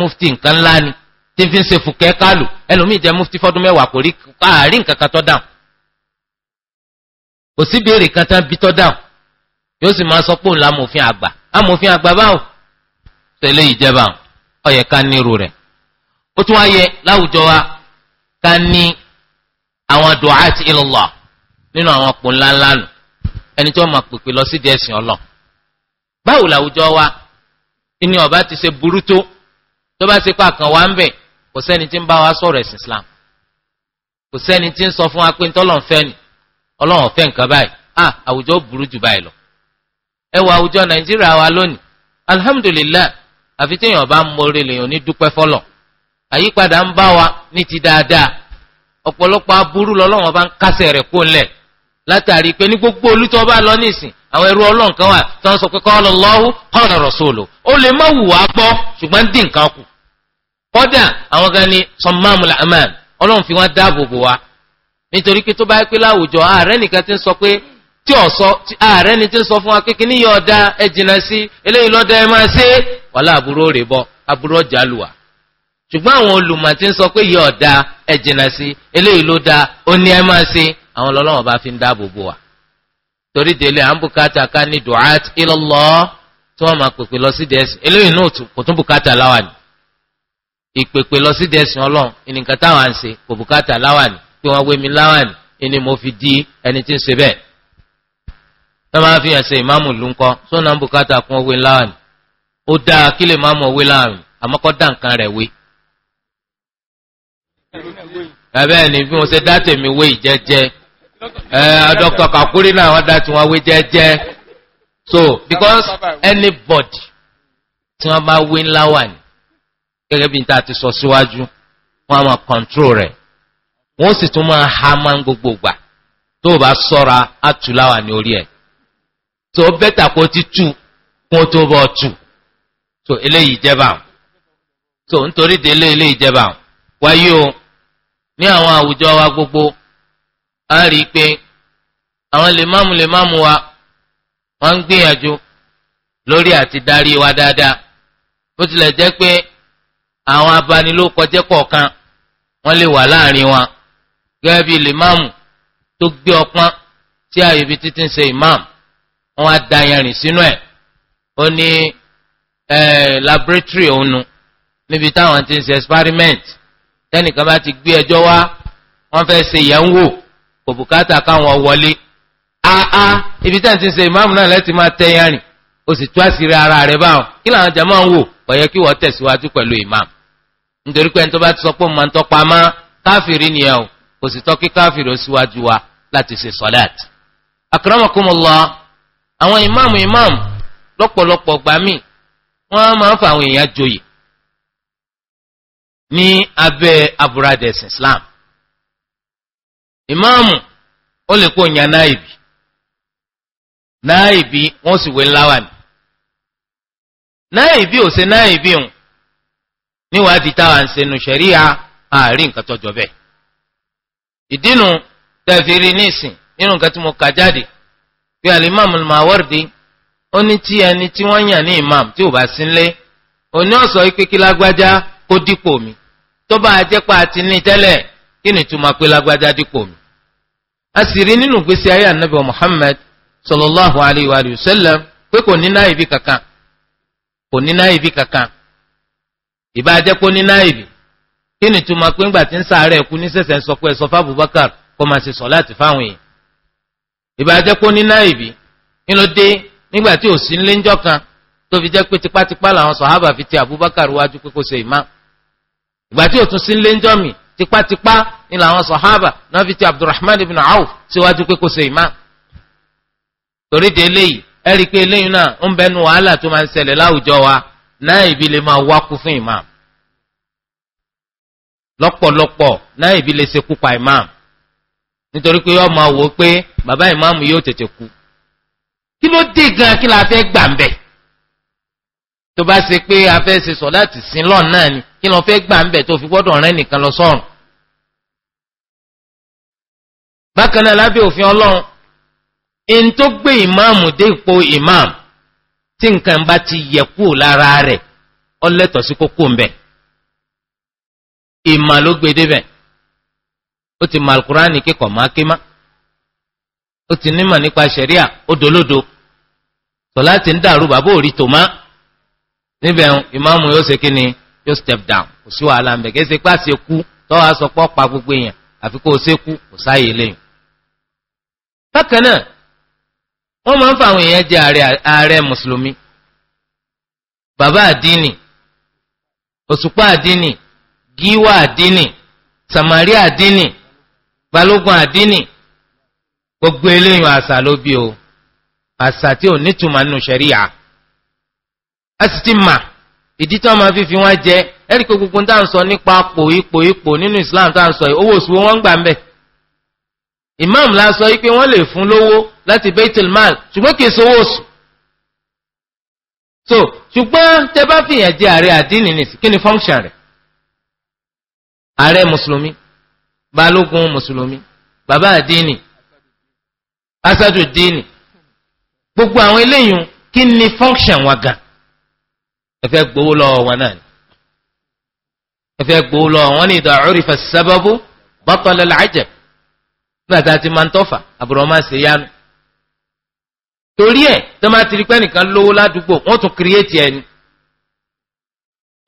S1: mufti nǹkan ńlá ni tí fi ń ṣe fùkẹ́ kálù ẹlòmíì mufti fọdún mẹ́wàá kò rí nkaka nǹkan kan dáhùn kò sí béèrè kan tán bí dáhùn yóò sì máa sọ pé òun àgbà àgbà ìjẹba ó tún wá yẹ láwùjọ wa ká ní àwọn du'ati ila Allah nínú àwọn ọ̀pọ̀ ńláńlá nù ẹni tí wọ́n máa pèpè lọ sídìí ẹ̀sìn ọlọ́ báwo làwùjọ wa ìní ọba ti ṣe burú tó tó bá ṣe pàkàn wá ń bẹ̀ kò sẹ́ni tí ń bá wa sọ̀rọ̀ ẹ̀sìn Islam kò sẹ́ni tí ń sọ fún wa pé ntọ́lọ̀ ń fẹ́ ni ọlọ́run ọ̀fẹ́ nǹkan báyìí ah àwùjọ burú jù báyìí lọ ẹ wọ àwùjọ Nàìjíríà wa lónìí alhamdulillah àfi téèyàn bá ń mọ orí lèèyàn ní dúpẹ́ fọlọ́ọ̀ àyípadà ń bá wa ní ti dáadáa ọ̀pọ̀lọpọ̀ aburú lọ́lọ́wọ́n bá ń kásẹ̀ rẹ̀ kó lẹ̀ látàrí pé ní gbogbo olútọ́ bá lọ nísìn àwọn ẹrú ọlọ́run kan wà tó ń sọ pé qala Allahu qala rasuluhu ó lè má wù wá gbọ́ ṣùgbọ́n dín nǹkan kù kọ́dà àwọn gan ni sọmáàmùlà amáàn ọlọ́run fi wọ́n dáàbò bò wá nítorí pé tó bá pé láwùjọ ààrẹ nìkan ti ń sọ pé tí ò sọ ààrẹ ni ti ń sọ fún wa pé kí ni yọ̀ọ̀dá ẹ jìnnà sí eléyìí lọ́dá ẹ máa ṣe wàhálà àbúrò rè bọ àbúrò ọjà ṣùgbọ́n àwọn olùmọ̀ tí ń sọ pé yìí ọ̀dà ẹ̀ jìnnà sí eléyìí ló dáa ó ní ẹ máa ṣe àwọn lọ́lọ́wọ́n bá fi ń dáàbò bò wá. torí délé à ń bùkátà ká ní duat ilallah tí wọ́n máa pèpè lọ sí dẹ́sìn eléyìí náà kò tún bùkátà láwà ní. ìpèpè lọ sí dẹ́sìn ọlọ́run ìnìkan táwa ń ṣe kò bùkátà láwà ní pé wọ́n wé mi láwà ní ẹni mo fi di ẹni tí ń ṣe bẹ́ẹ̀. àmọ́kọ́ dá nǹkan rẹ̀ wé. ẹ̀bẹ̀ ni bí wọ́n ṣe dá tèmi wé ìjẹ́jẹ́ ẹ dr kakuri náà wọ́n dá tiwọn wé jẹ́jẹ́ so because anybody tí wọ́n bá wé ńlá wà ní gẹ́gẹ́ ti sọ síwájú wọ́n á máa control rẹ̀ wọ́n sì tún máa ha máa ń gbogbo gbà tó o bá sọ́ra á tù láwà ní orí ẹ̀ kó ti so eléyìí jẹ́ so nítorí ní àwọn àwùjọ wa gbogbo a rí i pé àwọn lèmáàmù lèmáàmù wa wọ́n ń gbìyànjú lórí àti darí wa dáadáa bó tilẹ̀ jẹ́ pé àwọn abanilókọjẹ́ kọ̀ọ̀kan wọ́n lè wà láàrin wọn gẹ́gẹ́ bí lèmáàmù tó gbé ọpọ́n tí àyèbí títí ń ṣe ìmáàmù wọ́n á da yanrìn sínú ẹ̀ ó ní eh, laboratory òun nu níbi táwọn ti ń ṣe experiment tẹ́nìkan bá ti gbé ẹjọ́ wá wọ́n fẹ́ ṣe yẹn wò kò bùkátà káwọn wọlé aa ibi tẹ́ ń ti ṣe ìmáàmù náà lẹ́tì máa tẹ́ yẹn rìn o sì tú àṣírí ara rẹ̀ báwọn kí làwọn jẹ́ máa ń wò kò yẹ kí wọ́n tẹ̀síwájú pẹ̀lú ìmáàmù nítorí pé ẹni tó bá ti sọ pé mo máa ń tọ́pa má káfìrí nìyẹn o kò sì tọ́ kí káfìrí ó síwájú wa láti ṣe sọ́láàt. akramakumullah àwọn ìmáàmù ìmáàmù lọ́pọ̀lọpọ̀ gbà mí wọ́n máa ń fa àwọn èèyàn joyè ní abẹ́ aburades Islam ìmáàmù ó lè kó yan náìbì náìbì wọ́n sì wé ńláwà ní náìbì ò ṣe náìbì hùn níwádìí táwa ń ṣe nu ṣẹ̀ríà àárín nǹkan tọ́jọ́ bẹ́ẹ̀ ìdínú dàfírí nísìn nínú nǹkan tí mo kà jáde pé alimami Mawardi ó ní tí ẹni tí wọ́n yàn ní imam tí ò bá sí nílé òní ọ̀sọ́ ikpe kí lágbájá kó dípò mi tó bá a jẹ́ pa àti ní tẹ́lẹ̀ kí ni túmọ̀ pé lágbájá dípò mi. a sì rí nínú gbèsè ayé muhammed sallallahu alayhi wa sallam pé kò ní náà ibi kankan kò ní náà ibi kankan ìbá jẹ́ kó ní náà ibi kí ni túmọ̀ pé ńgbà tí ń sàárẹ̀ kú ní sẹ̀sẹ̀ sọ pé ẹ̀sọ́ máa ṣe sọ láti abubakar pé ìgbà tí òtún sí léńjọ́ mi tipátipá ni làwọn sọ̀hábà náà fi ti abdulrahman ibn awf síwájú pé kò ṣe ìmá. torí de eléyìí ẹ rí i pé eléyìí náà ń bẹnu wàhálà tó máa ń ṣẹlẹ̀ láwùjọ wa náà ìbí lè máa wákú fún ìmáàmù lọ́pọ̀lọpọ̀ náà ìbí lè ṣekú pa ìmáàmù nítorí pé yọ́ máa wò ó pé bàbá ìmáàmù yóò tètè kú kí ló dé gan kí la fẹ́ gbà tó bá ṣe pé a fẹ́ ṣe sọ láti sin lọ́n náà ni kí ló fẹ́ gbà ń bẹ̀ tó fi gbọ́dọ̀ rẹ́ nìkan lọ sọ́run. bákan náà lábẹ́ òfin ọlọ́run ẹni tó gbé ìmáàmù dé ipò Imam tí nǹkan bá ti yẹ kúrò lára rẹ̀ ọlẹ́tọ̀ sí kókó ń bẹ̀. ìmà ló gbé débẹ̀ ó ti mọ alukurani kíkọ̀ máa ké má ó ti nímọ̀ nípa sẹ̀ríà ó dolódo ti ń dàrú bàbá òrí tòmá níbẹ̀ ìmáàmù yóò ṣe kí ni yóò step down kò sí wàhálà ńbẹ kìí ṣe pé àṣẹ kú tọ́wọ́ aṣọ pọ́ pa gbogbo èèyàn àfi kó o ṣe kú kò sáàyè lẹ́yìn. bákan náà wọ́n máa ń fa àwọn èèyàn jẹ ààrẹ mùsùlùmí bàbá àdínì òṣùpá àdínì gíwá àdínì sàmárì àdínì balógun àdínì gbogbo eléyìn àṣà ló bí o àṣà tí ò nítumọ̀ nù ṣẹ̀ríyà a sì ti mà ìdí tí wọ́n máa fi fi wọ́n jẹ ẹ̀rí pé gbogbo tá ń sọ nípa pò ipò ipò nínú Islam tá à ń sọ yìí owó oṣù wọn gbà ń bẹ̀. imam la sọ yìí pé lè fún lówó láti Baitul Mal ṣùgbọ́n kì í sọ owó oṣù. so ṣùgbọ́n tẹ bá fìyàn jẹ ààrẹ àdínì nìsí kí ni function rẹ̀ ààrẹ mùsùlùmí balógun mùsùlùmí bàbá àdínì asadu dínì gbogbo àwọn eléyìí kí ni function wa gan ẹ fẹ́ gbowó lọ́wọ́ wọn náà ni ẹ fẹ́ gbowó lọ́wọ́ wọn ni idha urifa sababu batala al-ajab nígbà tá a ti máa ń tọ́fà àbúrò máa ṣe yánu torí ẹ̀ tó máa ti rí pé ẹnìkan lówó ládùúgbò wọ́n tún kírètì ẹni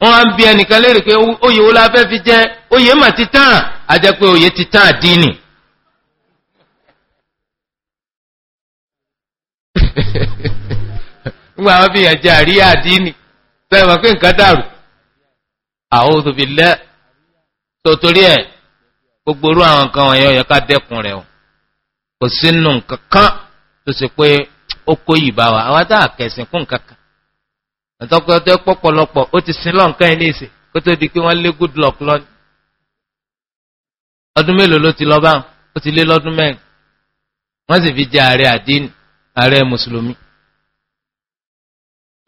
S1: wọ́n á ń bi ẹnìkan léèrè pé oyè wo la fẹ́ fi jẹ́ oyè mà ti tán a jẹ́ pé oyè ti tán àdínì. nígbà wọn fi yàn jẹ àríyá àdínì sẹ́wọ̀n pé nǹkan dàrú a'udhu billah tòtòrí ẹ̀ gbogbo orú àwọn nǹkan wọ̀nyẹn ó yẹ ká dẹ́kun rẹ̀ o kò sínú nǹkan kan tó ṣe pé ó kó yìí bá wa àwa dá àkẹ́sìn fún nǹkan kan àtọ́kọ́tọ́ pọ̀pọ̀lọpọ̀ ó ti sin lọ́nkàn yìí níìsín kó tó di pé wọ́n lé good luck lọ́nìí ọdún mélòó ló ti lọ báwọn ó ti lé lọ́dún mẹ́rin wọ́n sì fi jẹ́ ààrẹ àdínì ààrẹ mùsùlùmí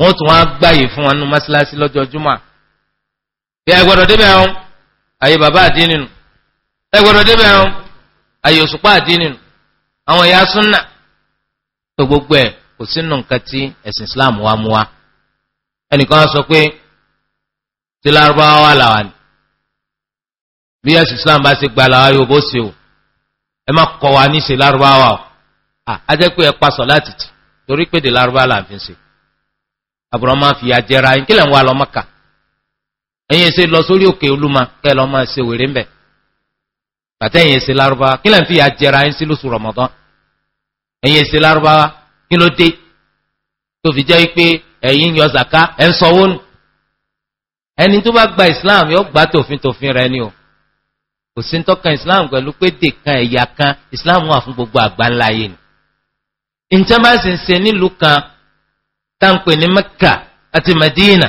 S1: wọ́n tún wá gbàyè fún wọn nu mọ́sálásí lọ́jọ́ júmọ́ bí ẹ gbọ́dọ̀ débẹ̀ ọ̀hún àyè bàbá àdínì nù ẹ gbọ́dọ̀ débẹ̀ ọ̀hún àyè òṣùpá àdínì nù àwọn ìyá súnà tó gbogbo ẹ̀ kò sínú nǹkan tí ẹ̀sìn Islam wa mú wa ẹnìkan sọ pé tí lárúbáwá wà làwà ni bí ẹ̀sìn Islam bá ṣe gba làwà yóò bó ṣe o ẹ má kọ́ wa ní lárúbáwá o àjẹ́ pé ẹ pa láti tì torí pé àbúrò máa fi àjẹra yín kí lẹ̀ ń wá lọ Mẹ́kà ẹ̀yin ṣe lọ sórí òkè Olúmọ kẹ́ lọ́ máa ṣe wèrè ńbẹ̀ bàtẹ́yìn ṣe lárúbá kí lẹ̀ ń fi àjẹra yín sí lóṣù Ramadan ẹ̀yin ṣe lárúbá kí ló dé tó fi jẹ́ pé ẹ̀yin yọ zaka ẹ̀ ń sanwó nù ẹni tó bá gba Islam yóò gbà tòfin tòfin rẹ ni o kò sí tọ́ka Islam pẹ̀lú pé dè kan ẹ̀yà kan Islam wà fún gbogbo àgbáńlá yìí ni ìjọba sì ń ṣe nílùú kan táǹpẹ̀ ní mẹ́kà àti mẹ́dínà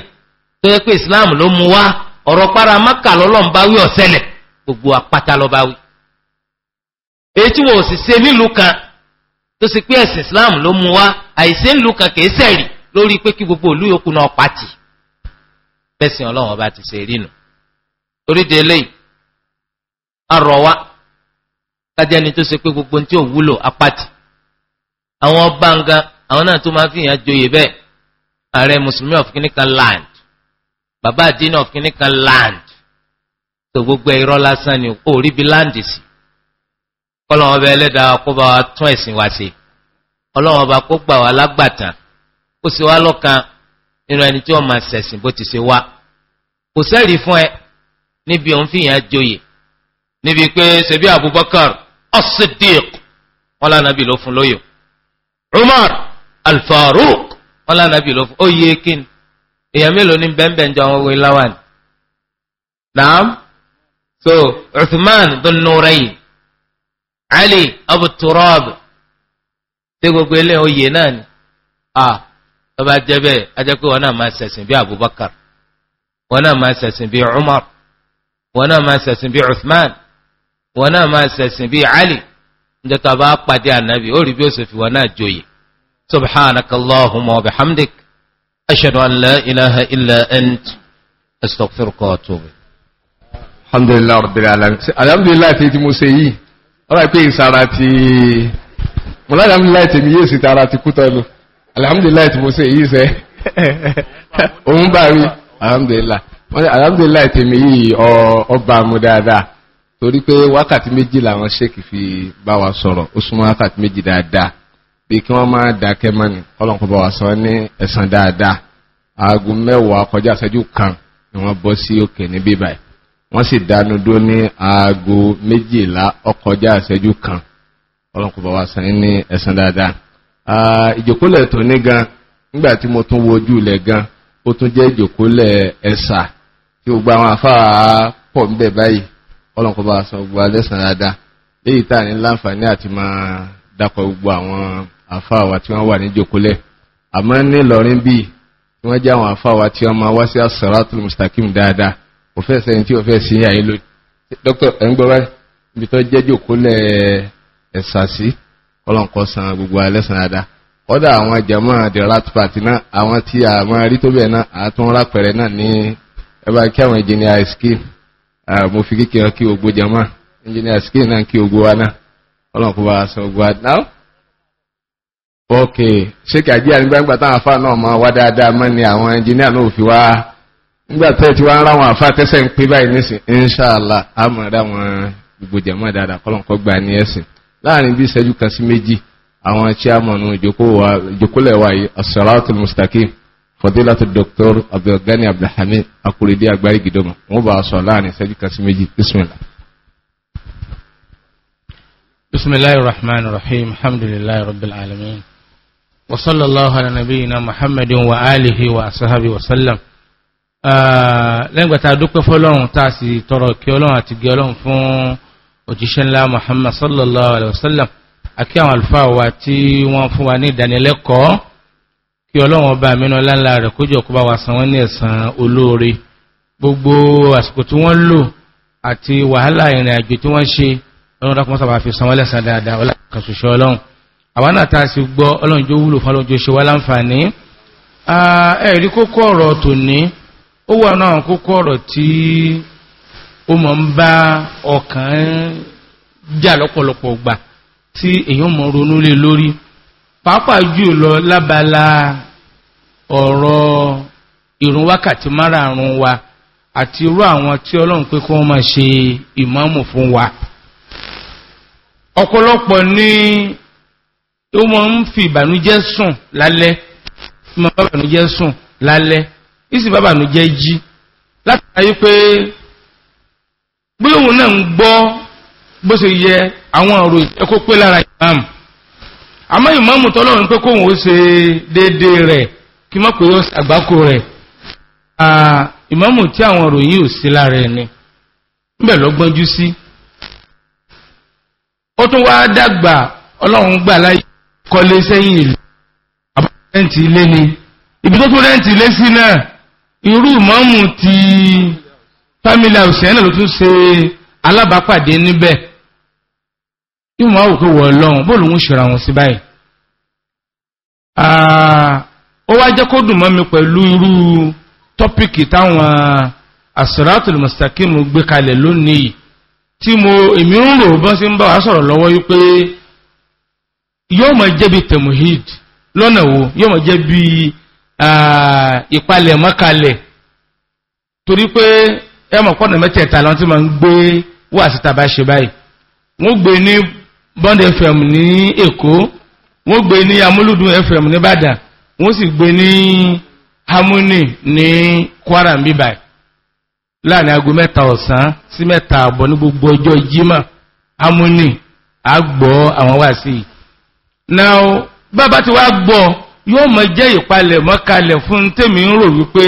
S1: tó yẹ pé islam ló mú wá ọ̀rọ̀ para mẹ́kà lọ́lọ́run bá wí ọ̀sẹ̀lẹ̀ gbogbo apáta ló bá wí. èyí tí wọn sì ṣe nílùú kan tó sì pé ẹ̀sìn islam ló mú wá àìsí nílùú kan kìí sẹ̀rì lórí pé kí gbogbo ìlú yòókù náà pàtì bẹ́sìn ọlọ́run ọba ti ṣe rínu torí de eléyìí arọ̀ wa kájẹ́ni tó ṣe pé gbogbo ohun tí ò wúlò apáti àwọn ọba àwọn náà tó máa fi yàn joyè bẹ́ẹ̀ ààrẹ mùsùlùmí of kìnìkan land bàbá àdínà of kìnìkan land tó gbogbo irọ́ lásán ni kò rí bí láǹdì sí kọ́lọ́wọ́n bẹ ẹlẹ́dàá kó bá wa tún ẹ̀sìn wa ṣe ọlọ́wọ́n bá kó gbà wá lágbàtàn kó sì wá lọ́kàn nínú ẹni tí wọ́n máa ṣẹ̀sìn bó ti ṣe wá kò sẹ́rìí fún ẹ níbi òun fi yàn joyè níbi pé ṣebí Abubakar as-Siddiq wọn lánàá bí ló fún lóyò Umar alfaruq wọn lànàbí ló fún ó yẹ kín èèyàn mélòó ní bẹ́ẹ̀nbẹ́ẹ̀ jọ àwọn wọlé láwàní. naam so Uthman dun-Nurayn Ali Abu Turab ṣé gbogbo eléyìí ó yẹ náà ni a ọba jẹ bẹ́ẹ̀ ajẹ pé wọn náà máa ṣẹ̀sìn bí Abubakar wọn náà máa ṣẹ̀sìn bí Umar wọn náà máa ṣẹ̀sìn bí Uthman wọn náà máa ṣẹ̀sìn bí Ali njẹ́ tó a bá pàdé ànábì ó rí bí ó ṣe fi wọn náà joyè. سبحانك اللهم وبحمدك أشهد أن لا إله إلا أنت أستغفرك وأتوب الحمد لله رب العالمين
S3: الحمد لله تيتي موسيي ọ̀rọ̀ ìpé ìsàràtí mọ̀lá alhamdulillah tí mi yé sí tààrà ti kú tọ́lù alhamdulillah tí mo ṣe yìí sẹ́ òun bá rí alhamdulillah alhamdulillah tí mi yìí ọba mú dáadáa torí pé wákàtí méjì làwọn ṣéèkì fi bá wa sọ̀rọ̀ ó súnmọ́ wákàtí méjì dáadáa bí kí wọ́n máa dákẹ́ mọ́ni ọlọ́run kọ́ bá wa sọ ní ẹ̀sán dáadáa aago mẹ́wàá kọjá ìṣẹ́jú kan ni wọ́n bọ́ sí òkè ní bíbá wọ́n sì dúró ní aago kan sọ ní ẹ̀sán dáadáa. ìjòkólẹ̀ mo tún wojú ilẹ̀ gan ó tún jẹ́ ìjòkólẹ̀ ẹ̀sà tí gbogbo àwọn pọ̀ báyìí sọ gbogbo dáadáa léyìí tá ní láǹfààní àti àfáà wa tí wọ́n wà ní jòkólẹ̀ àmọ́ nílọrin bíi tí wọ́n jẹ́ àwọn àfáà wa tí wọ́n máa wá sí as-siratul mustaqim dáadáa kò fẹ́ sẹ́yìn tí ò fẹ́ sí àyè lónìí dókítà ẹ̀ ń gbọ́ báyìí ibi tó jẹ́ jòkólẹ̀ ẹ̀sà sí ọlọ́nkọ́ san gbogbo alẹ́sàn dáadáa kọ́dà àwọn jàmọ́ the rat party náà àwọn tí a máa rí tó bẹ̀ náà àtún rápẹ̀rẹ̀ náà ní ẹbá kí àwọn engineer skin mo fi kíkẹ́ kí gbogbo jàmọ́ engineer skin náà kí gbogbo wa náà ọlọ́nkọ́ bá sọ gbogbo wa náà ok ṣékì àjíyà nígbàgbà táwọn àfáà náà máa wá dáadáa mọ́ ni àwọn ẹnjìníà náà fi wá nígbà tẹ́ ti wá ń ráwọn àfáà tẹ́sẹ̀ ń pé báyìí nísìn inṣàlá àmọ̀dá wọn ìgbòjẹ̀ mọ́ dáadáa kọ́lọ̀ kọ́ gbà ní ẹ̀sìn láàrin bí ìṣẹ́jú kan sí méjì àwọn chairman ìjókòlẹ̀ wa yìí asalaatu mustaqim fadilatu doctor abdulgani abdulhamid akuridi agbárí gidoma wọn bá a sọ láàrin ìṣẹ́jú kan sí méjì bismillah.
S2: bismillahir rahmanir rahim alhamdulillahi rabbil alamin. وصلى الله على نبينا محمد وآله وصحبه وسلم lẹ́yìn gbàtà dúpẹ́ fọ́lọ́run tá a sì tọrọ kí ọlọ́run àti gẹ ọlọ́run fún òjíṣẹ́ ńlá Muhammad sallallahu alaihi wasallam àkí àwọn àlùfáà wa tí wọ́n fún wa ní ìdánilẹ́kọ̀ọ́ kí ọlọ́run ọba àmínú ọláńlá rẹ̀ kójọ kó bá wa san wọ́n ní ẹ̀san olóore gbogbo àsìkò tí wọ́n lò àti wàhálà ìrìn àjò tí wọ́n ṣe ọlọ́run dákúmọ́sàbà fi san wọ́n lẹ́san dáadáa ọlọ́run kan ṣoṣo ọlọ́run àwọn náà ta sí gbọ́ ọlọ́njọ́ wúlò fún ọlọ́njọ́ ṣe wá láǹfààní ẹ̀rí kókó ọ̀rọ̀ tòní ó wà náà kókó ọ̀rọ̀ tí ó mọ̀ ń bá ọkàn jà lọ́pọ̀lọpọ̀ gbà tí èèyàn mọ̀ ronú lé lórí pàápàá jù lọ lábala ọ̀rọ̀ ìrun wákàtí márààrún wa àti irú àwọn tí ọlọ́run pé kí máa ṣe ìmáàmù fún wa ọ̀pọ̀lọpọ̀ ní ó máa ń fi ìbànújẹ́ sùn lálẹ́ máa bá ìbànújẹ́ sùn lálẹ́ ìsìn bá ìbànújẹ́ jí látàrí pé bóyá òun náà ń gbọ́ bó ṣe yẹ àwọn ọ̀rọ̀ ẹ̀kọ́ pé lára ìmáàmù àmọ́ ìmáàmù tọ́lọ́run pé kóhùn ó ṣe déédéé rẹ̀ kí mọ́ pé ó ṣàgbákò rẹ̀ ìmáàmù tí àwọn ọ̀rọ̀ yìí ò sí lára ẹni níbẹ̀ lọ́gbọ́njú sí ó tún wá dàgbà ọlọ́run gbà láyé kọ́lé sẹ́yìn ìlú àbúrẹ́ǹtì ilé ni ibi tó tún rẹ́ǹtì ilé sí náà irú mọ́mù ti family house ẹ̀nà ló tún ṣe alábàápàdé níbẹ̀ yóò máa wòkè wọ̀ lọ́hùn bóòlù ń ṣòro àwọn sí báyìí ó wá jẹ́ kó dùn mọ́ mi pẹ̀lú irú tọ́pìkì táwọn asiratul mustaqim gbé kalẹ̀ lónìí tí mo èmi ń rò bọ́n sí ń bá wa sọ̀rọ̀ lọ́wọ́ yìí pé yóò mọ̀ jẹ́ bí tẹ̀mùhìd lọ́nà wo yóò mọ̀ jẹ́ bí ìpalẹ̀ mọ́kalẹ̀ torí pé ẹmọ̀ pọ́nà mẹ́tẹ̀ẹ̀ta lọ́n tí ma ń gbé wà síta bá ṣe báyìí wọ́n gbé ní Bond FM ní Èkó wọ́n gbé ní Amúlùdùn FM láàrin aago mẹ́ta ọ̀sán sí mẹ́ta àbọ̀ ní gbogbo ọjọ́ Jímọ̀ Harmony àgbọ̀ àwọn wáàsí yìí now bàbá ti wá gbọ́ yóò mọ jẹ́ ìpalẹ̀mọ́ kalẹ̀ fún tèmi ń rò wípé